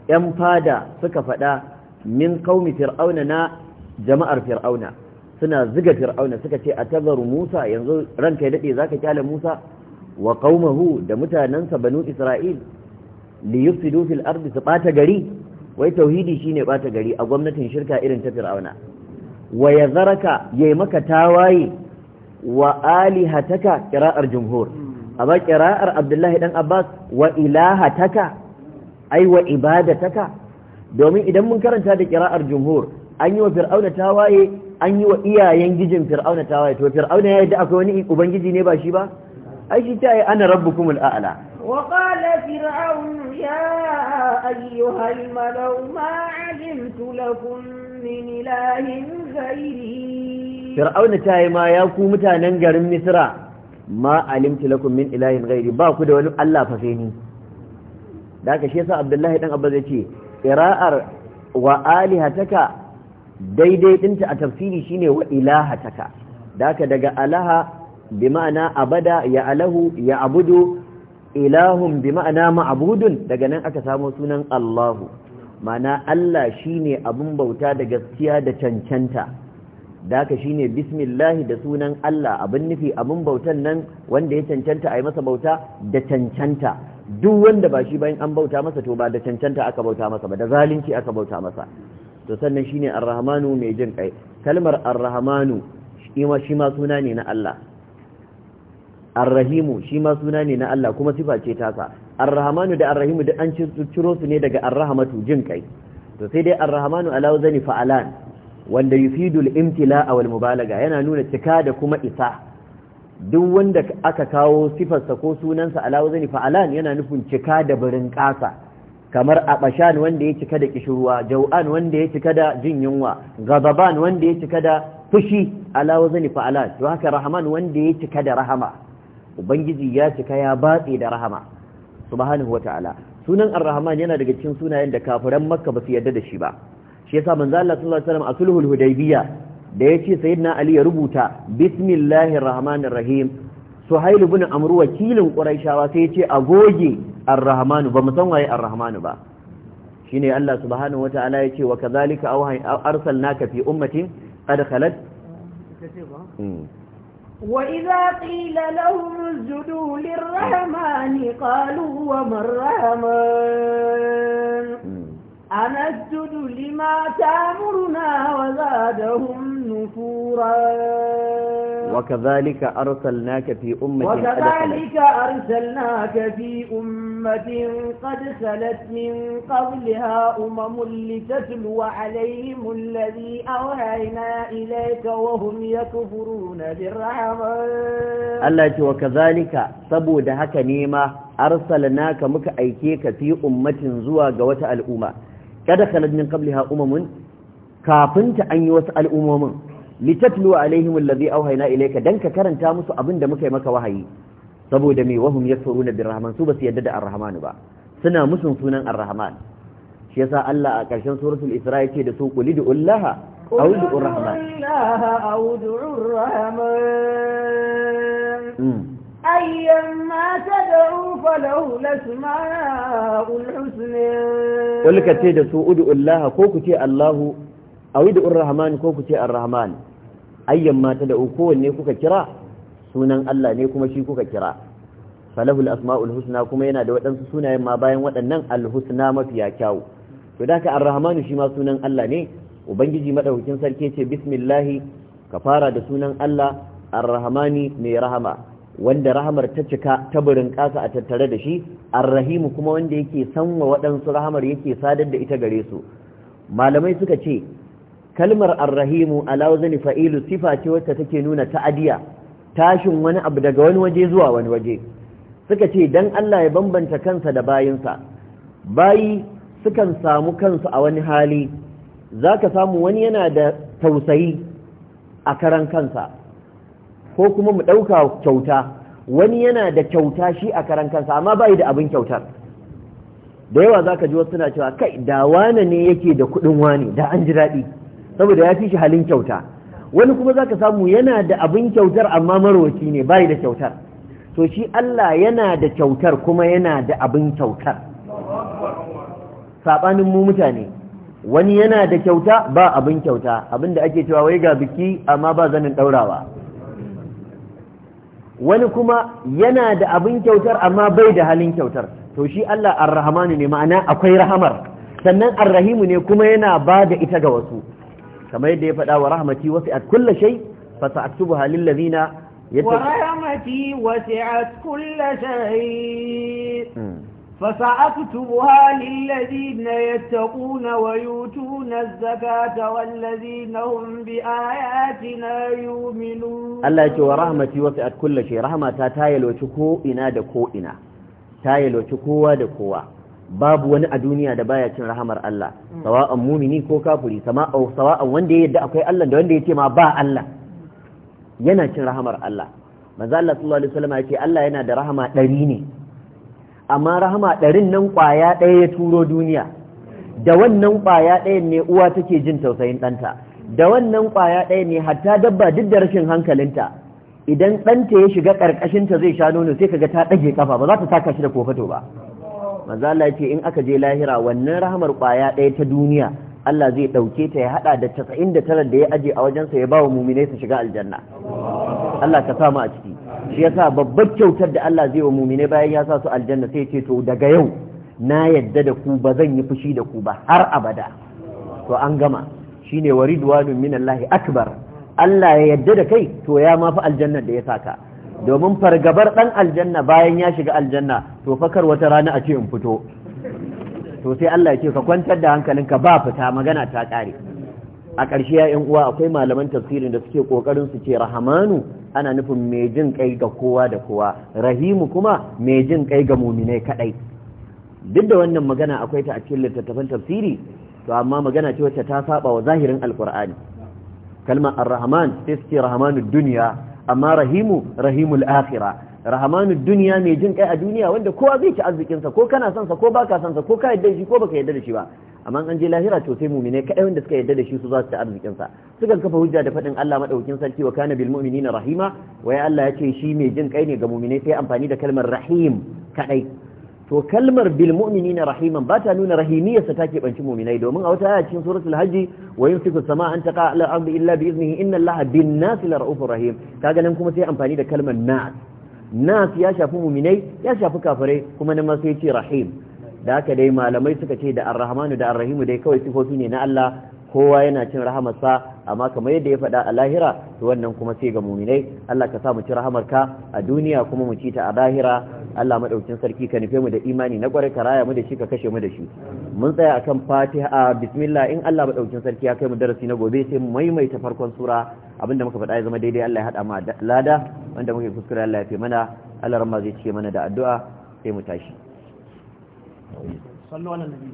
Speaker 2: ينفادا سكفدا من قوم فرعون نا جماعة فرعون suna ziga fir'auna suka ce a tazaru musa yanzu ranka ya daɗe za ka kyale musa wa qaumahu da mutanansa banu isra'il li yufsidu fil ardi su bata gari wai tauhidi shine bata gari a gwamnatin shirka irin ta fir'auna wa yazaraka yayi maka tawaye wa alihataka qira'ar jumhur a qira'ar abdullahi dan abbas wa ilahataka ai wa ibadataka domin idan mun karanta da qira'ar jumhur an yi wa fir'auna tawaye an yi wa iyayen gijin fir'auna tawaye to fir'auna ya yadda akwai wani ubangiji ne ba shi ba aiki ta yi ana rabbukumul a'la
Speaker 1: وقال ya يا أيها الملو ما علمت لكم من إله غيري
Speaker 2: فرعون تاي ya يكو mutanen garin Misra ma alimtu lakum min ilahin ba ku da wani Allah fa ni da haka shi Abdullahi ɗan Abba zai ce qira'ar wa alihataka daidai ɗinta a tafsiri shine wa ilahataka da haka daga alaha Bima'ana abada ya alahu ya abudu ilahun bima'ana ma'abudun daga nan aka samo sunan Allahu ma'ana Allah shine abin bauta da gaskiya da cancanta da shi shine bismillahi da sunan Allah abin nufi abun bautan nan wanda ya cancanta a yi masa bauta da cancanta duk wanda ba shi bayan an bauta masa to ba da cancanta aka bauta masa ba da zalunci aka bauta masa to sannan shine arrahmanu mai jin kai kalmar arrahmanu shima shi suna ne na Allah arrahimu shi ma suna ne na Allah kuma sifa ce tasa arrahmanu da arrahimu da an ciro su ne daga arrahamatu jin kai to sai dai Arrahamanu ala wazani fa'alan wanda yufidul imtila wal mubalaga yana nuna cika da kuma isa duk wanda aka kawo sifarsa ko sunansa ala wazani fa'alan yana nufin cika da birin kasa kamar abashan wanda ya cika da kishirwa jau'an wanda ya cika da jin yunwa gazaban wanda ya cika da fushi ala wazani fa'alan to haka rahman wanda ya cika da rahama ubangiji ya cika ya batse da rahama subhanahu wataala sunan ar-rahman yana daga cikin sunayen da kafiran makka ba su yarda da shi ba shi yasa manzo Allah sallallahu alaihi wasallam a sulhul hudaybiya da yace sayyidina ali ya rubuta bismillahir rahmanir rahim suhail ibn amr wakilin quraishawa sai yace agoge ar-rahman ba mu san waye ar-rahman ba shine Allah subhanahu wataala yace wa kadhalika arsalnaka fi ummatin qad khalat
Speaker 1: وإذا قيل لهم اسجدوا للرحمن قالوا وما الرحمن أنسجد لما تامرنا وزادهم نفورا
Speaker 2: وكذلك أرسلناك في أمة وكذلك
Speaker 1: أرسلناك في أمة قد سلت من قبلها أمم لتتلو عليهم الذي أوحينا إليك وهم يكفرون بالرحمن
Speaker 2: الله وكذلك سبو دهك نيمة أرسلناك مك أيكيك في أمة زواج وتأل أمة kada khalad min qabliha umamun kafin ta an yi wasu al'ummomin litatlu alaihim allazi auhayna ilayka dan ka karanta musu abin da muka yi maka wahayi saboda me wahum yakfuruna birrahman su basu yadda da arrahman ba suna musun sunan arrahman shi yasa Allah a karshen suratul isra yake da su qulidu ullaha aw du'ur rahman awi da urrahman ko ku ce arrahman ayyan mata da uku wanne kuka kira sunan Allah ne kuma shi kuka kira falahul asmaul husna kuma yana da waɗansu sunayen ma bayan waɗannan Al-Husna mafiya kyau to dan ka arrahman shi ma sunan Allah ne ubangiji madaukakin sarki ce bismillah ka fara da sunan Allah arrahmani mai rahama wanda rahamar ta cika taburin kasa a tattare da shi arrahimu kuma wanda yake sanwa waɗansu rahamar yake sadar da ita gare su malamai suka ce kalmar arrahimu alawzani fa'ilu sifa ce wacce take nuna ta'adiya tashin wani abu daga wani waje zuwa wani waje suka ce dan Allah ya bambanta kansa da bayinsa bayi sukan samu kansu a wani hali zaka samu wani yana da tausayi a karan kansa ko kuma mu ɗauka kyauta wani yana da kyauta shi a karan kansa amma bai da abin kyautar da yawa zaka ji wasu suna cewa kai da wane ne yake da kuɗin wani da an ji daɗi saboda ya fi shi halin kyauta wani kuma zaka samu yana da abin kyautar amma marwaci ne bai da kyautar to shi Allah yana da kyautar kuma yana da abin kyautar sabanin mu mutane wani yana da kyauta ba abin kyauta abinda ake cewa wai ga biki amma ba zanin daurawa wani kuma yana da abin kyautar amma bai da halin kyautar to shi Allah ar-rahmanu ne ma'ana akwai rahamar sannan ar-rahimu ne kuma yana ba da ita ga wasu kamar yadda ya faɗa wa rahmati wasu a kulle shai halin lalina ya ta
Speaker 1: rahmati wasu a kulle shai hmm. fasa a tubu ya ta ƙuna wa yutu na zaka ta na hunbi a yaci Allah ya ce wa rahmati
Speaker 2: wasu a kulle rahmata ta yalwaci ko da ko ina kowa da kowa babu wani a duniya da baya cin rahamar Allah sawa'an mumini ko kafiri sawa'an wanda ya yadda akwai Allah da wanda ya ce ma ba Allah yana cin rahamar Allah manzo Allah sallallahu alaihi wasallam ya Allah yana da rahama ɗari ne amma rahama ɗarin nan kwaya ɗaya ya turo duniya da wannan kwaya ɗayan ne uwa take jin tausayin ɗanta da wannan kwaya ɗaya ne hatta dabba duk da rashin hankalinta idan ɗanta ya shiga ƙarƙashinta zai sha nono sai kaga ta ɗage kafa ba za ta taka shi da kofato ba manzo Allah ya ce in aka je lahira wannan rahamar kwaya ɗaya ta duniya Allah zai ɗauke ta ya haɗa da casa'in da da ya aje a wajensa ya ba wa muminai su shiga aljanna Allah ka samu a ciki shi yasa babbar kyautar da Allah zai wa muminai bayan ya sa su aljanna sai ce to daga yau na yadda da ku ba zan yi fushi da ku ba har abada to an gama shine waridwanun minallahi akbar Allah ya yadda da kai to ya mafi aljannar da ya saka domin fargabar ɗan aljanna bayan ya shiga aljanna to fakar wata rana a ce in fito to sai Allah ya ce ka kwantar da hankalinka ba fita magana ta ƙare a ƙarshe ya yan uwa akwai malaman tafsirin da suke ƙoƙarin su ce rahamanu ana nufin mai jin kai ga kowa da kowa rahimu kuma mai jin kai ga muminai kaɗai duk da wannan magana akwai ta a cikin littattafan tafsiri to amma magana ce wacce ta saba wa zahirin alkur'ani kalmar ar-rahman sai suke rahmanud duniya amma rahimu rahimul akhira rahamanu duniya mai jin kai a duniya wanda kowa zai ci arzikin sa ko kana son sa ko baka son sa ko ka yadda shi ko baka yadda da shi ba amma an je lahira to sai mu'mine kadai wanda suka yadda da shi su za su ci arzikin sa suka kafa hujja da fadin Allah madaukin sarki wa kana bil mu'minina rahima wai Allah ya ce shi mai jin kai ne ga mu'mine sai amfani da kalmar rahim kadai to kalmar bil mu'minina rahiman ba ta nuna rahimiyarsa ta keɓanci mu'minai domin a wata aya cikin suratul hajji wa yumsiku sama an taqa ala ardi illa bi iznihi inna allaha bin nasi la ra'ufur rahim kaga nan kuma sai amfani da kalmar nas nas ya shafi mu'minai ya shafi kafirai kuma nan ma sai ce rahim da haka dai malamai suka ce da arrahmanu da arrahimu dai kawai sifofi ne na Allah kowa yana cin rahamarsa amma kamar yadda ya faɗa a lahira to wannan kuma sai ga muminai Allah ka sa mu ci rahamarka a duniya kuma mu ci ta a lahira Allah madaukin sarki ka nufe mu da imani na kwarai ka raya mu da shi ka kashe mu da shi mun tsaya akan Fatiha bismillah in Allah madaukin sarki ya kai mu darasi na gobe sai mu maimaita farkon sura abinda muka faɗa ya zama daidai Allah ya hada mu lada wanda muke kuskure Allah ya fi mana Allah ramma zai ce mana da addu'a sai mu tashi
Speaker 1: sallu ala nabi